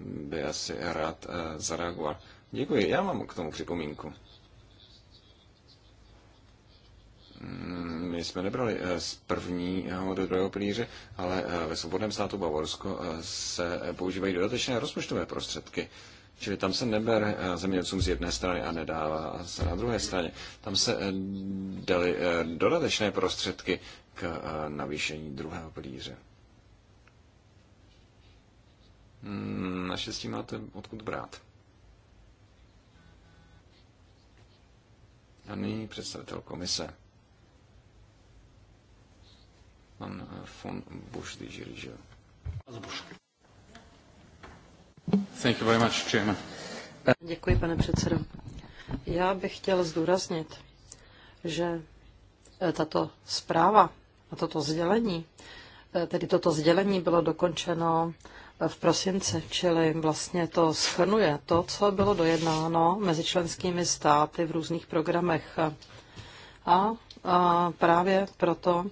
by asi rád zareagoval. Děkuji, já mám k tomu připomínku. Mm, my jsme nebrali eh, z prvního do druhého pilíře, ale eh, ve svobodném státu Bavorsko eh, se používají dodatečné rozpočtové prostředky. Čili tam se neber zemědělcům z jedné strany a nedává se na druhé straně. Tam se dali dodatečné prostředky k navýšení druhého pilíře. Mm, naštěstí máte odkud brát. A nyní představitel komise pan eh, von Bush, když Thank you very much, Chairman. Děkuji, pane předsedo. Já bych chtěl zdůraznit, že eh, tato zpráva a toto sdělení, eh, tedy toto sdělení bylo dokončeno v prosinci, čili vlastně to schrnuje to, co bylo dojednáno mezi členskými státy v různých programech. A, a právě proto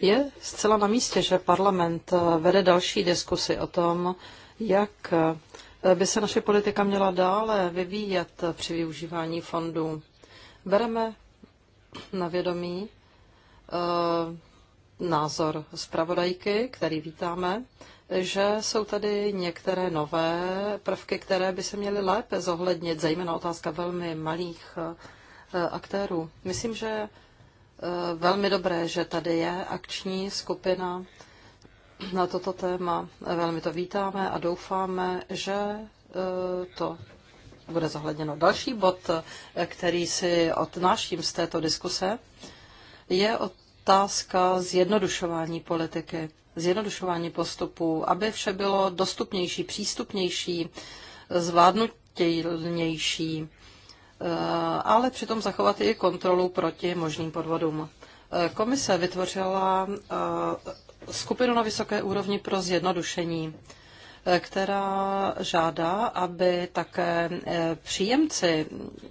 je zcela na místě, že parlament eh, vede další diskusy o tom, jak eh, by se naše politika měla dále vyvíjet eh, při využívání fondů. Bereme na vědomí názor zpravodajky, který vítáme, že jsou tady některé nové prvky, které by se měly lépe zohlednit, zejména otázka velmi malých aktérů. Myslím, že Eh, velmi dobré, že tady je akční skupina na toto téma. Velmi to vítáme a doufáme, že eh, to bude zohledněno. Další bod, eh, který si odnáším z této diskuse, je otázka zjednodušování politiky, zjednodušování postupů, aby vše bylo dostupnější, přístupnější, zvládnutelnější. Eh, ale přitom zachovat i kontrolu proti možným podvodům. Eh, komise vytvořila eh, skupinu na vysoké úrovni pro zjednodušení, která žádá, aby také příjemci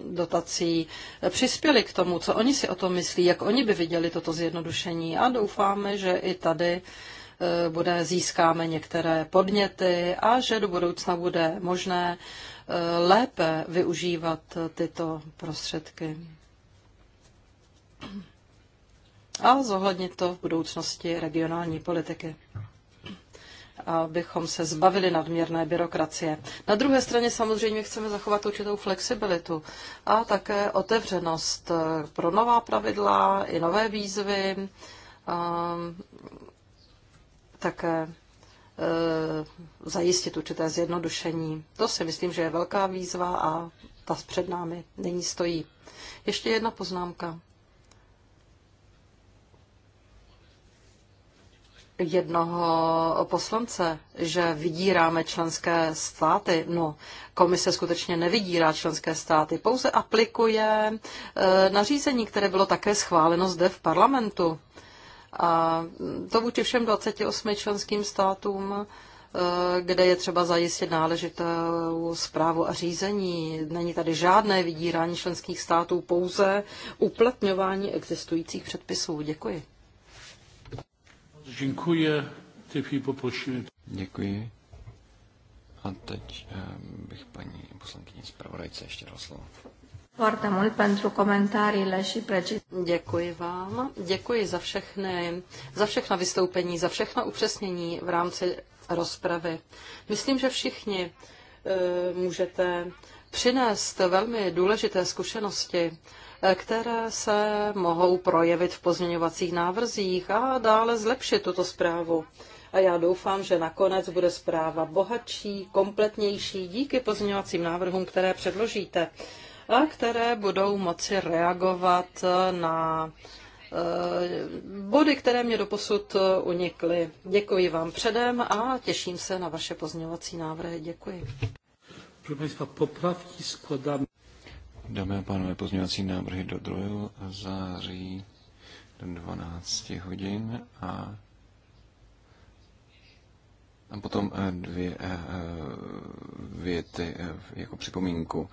dotací přispěli k tomu, co oni si o tom myslí, jak oni by viděli toto zjednodušení. A doufáme, že i tady bude, získáme některé podněty a že do budoucna bude možné lépe využívat tyto prostředky a zohlednit to v budoucnosti regionální politiky abychom se zbavili nadměrné byrokracie. Na druhé straně samozřejmě chceme zachovat určitou flexibilitu a také otevřenost pro nová pravidla i nové výzvy, také Eh, zajistit určité zjednodušení. To si myslím, že je velká výzva a ta před námi není stojí. Ještě jedna poznámka. jednoho poslance, že vydíráme členské státy. No, komise skutečně nevydírá členské státy, pouze aplikuje eh, nařízení, které bylo také schváleno zde v parlamentu. A to vůči všem 28 členským státům, eh, kde je třeba zajistit náležitou zprávu a řízení. Není tady žádné vydírání členských států, pouze uplatňování existujících předpisů. Děkuji. Děkuji. Děkuji. A teď eh, bych paní poslankyni zpravodajce ještě dal slovo. Foarte mult pentru și Děkuji vám. Děkuji za všechny, za všechna vystoupení, za všechna upřesnění v rámci rozpravy. Myslím, že všichni e, můžete přinést velmi důležité zkušenosti, eh, které se mohou projevit v pozměňovacích návrzích a dále zlepšit tuto zprávu. A já doufám, že nakonec bude zpráva bohatší, kompletnější díky pozměňovacím návrhům, které předložíte které budou moci reagovat na eh, body, které mě doposud unikly. Děkuji vám předem a těším se na vaše pozměňovací návrhy. Děkuji. Dámy a pánové, pozměňovací návrhy do 2. září do 12 hodin a, a potom eh, dvě eh, věty jako připomínku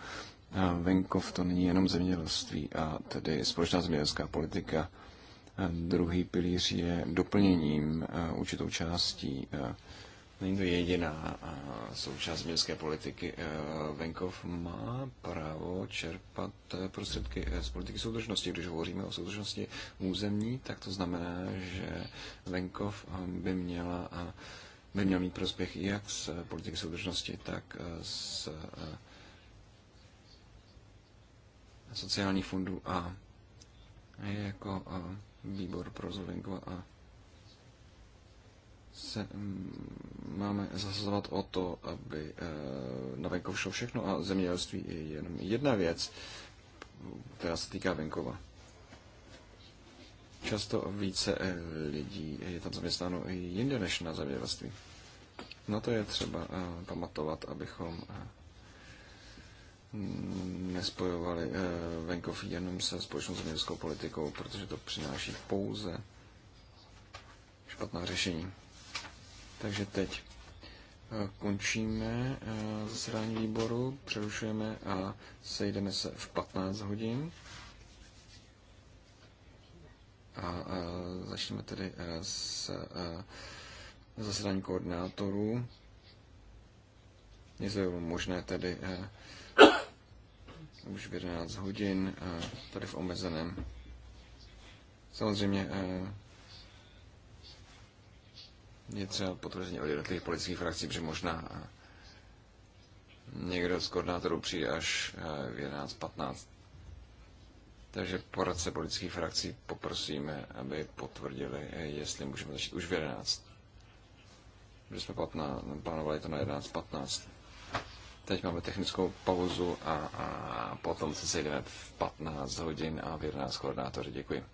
venkov to není jenom zemědělství a tedy společná zemědělská politika. Druhý pilíř je doplněním určitou částí. Není to jediná součást zemědělské politiky. Venkov má právo čerpat prostředky z politiky soudržnosti. Když hovoříme o soudržnosti územní, tak to znamená, že venkov by měla by měl mít prospěch jak z politiky soudržnosti, tak z Sociální fondu a jako a výbor pro rozvoj a se máme zasazovat o to, aby e, na venkov šlo všechno a zemědělství je jenom jedna věc, která se týká venkova. Často více e, lidí je tam zaměstnáno i jinde než na zemědělství. Na to je třeba e, pamatovat, abychom nespojovali eh, venkov jenom se společnou zemědělskou politikou, protože to přináší pouze špatná řešení. Takže teď eh, končíme eh, zasedání výboru, přerušujeme a sejdeme se v 15 hodin. A, začneme tedy s zasedání koordinátorů. Jestli je možné tedy už v 11 hodin eh, tady v omezeném. Samozřejmě eh, je třeba potvrzení od jednotlivých politických frakcí, protože možná eh, někdo z koordinátorů přijde až v 11.15. Takže poradce politických frakcí poprosíme, aby potvrdili, jestli můžeme začít už v 11. Protože jsme plánovali to na 11.15. Teď máme technickou pauzu a, a potom se sejdeme v 15 hodin a v 11 koordinátoři. Děkuji.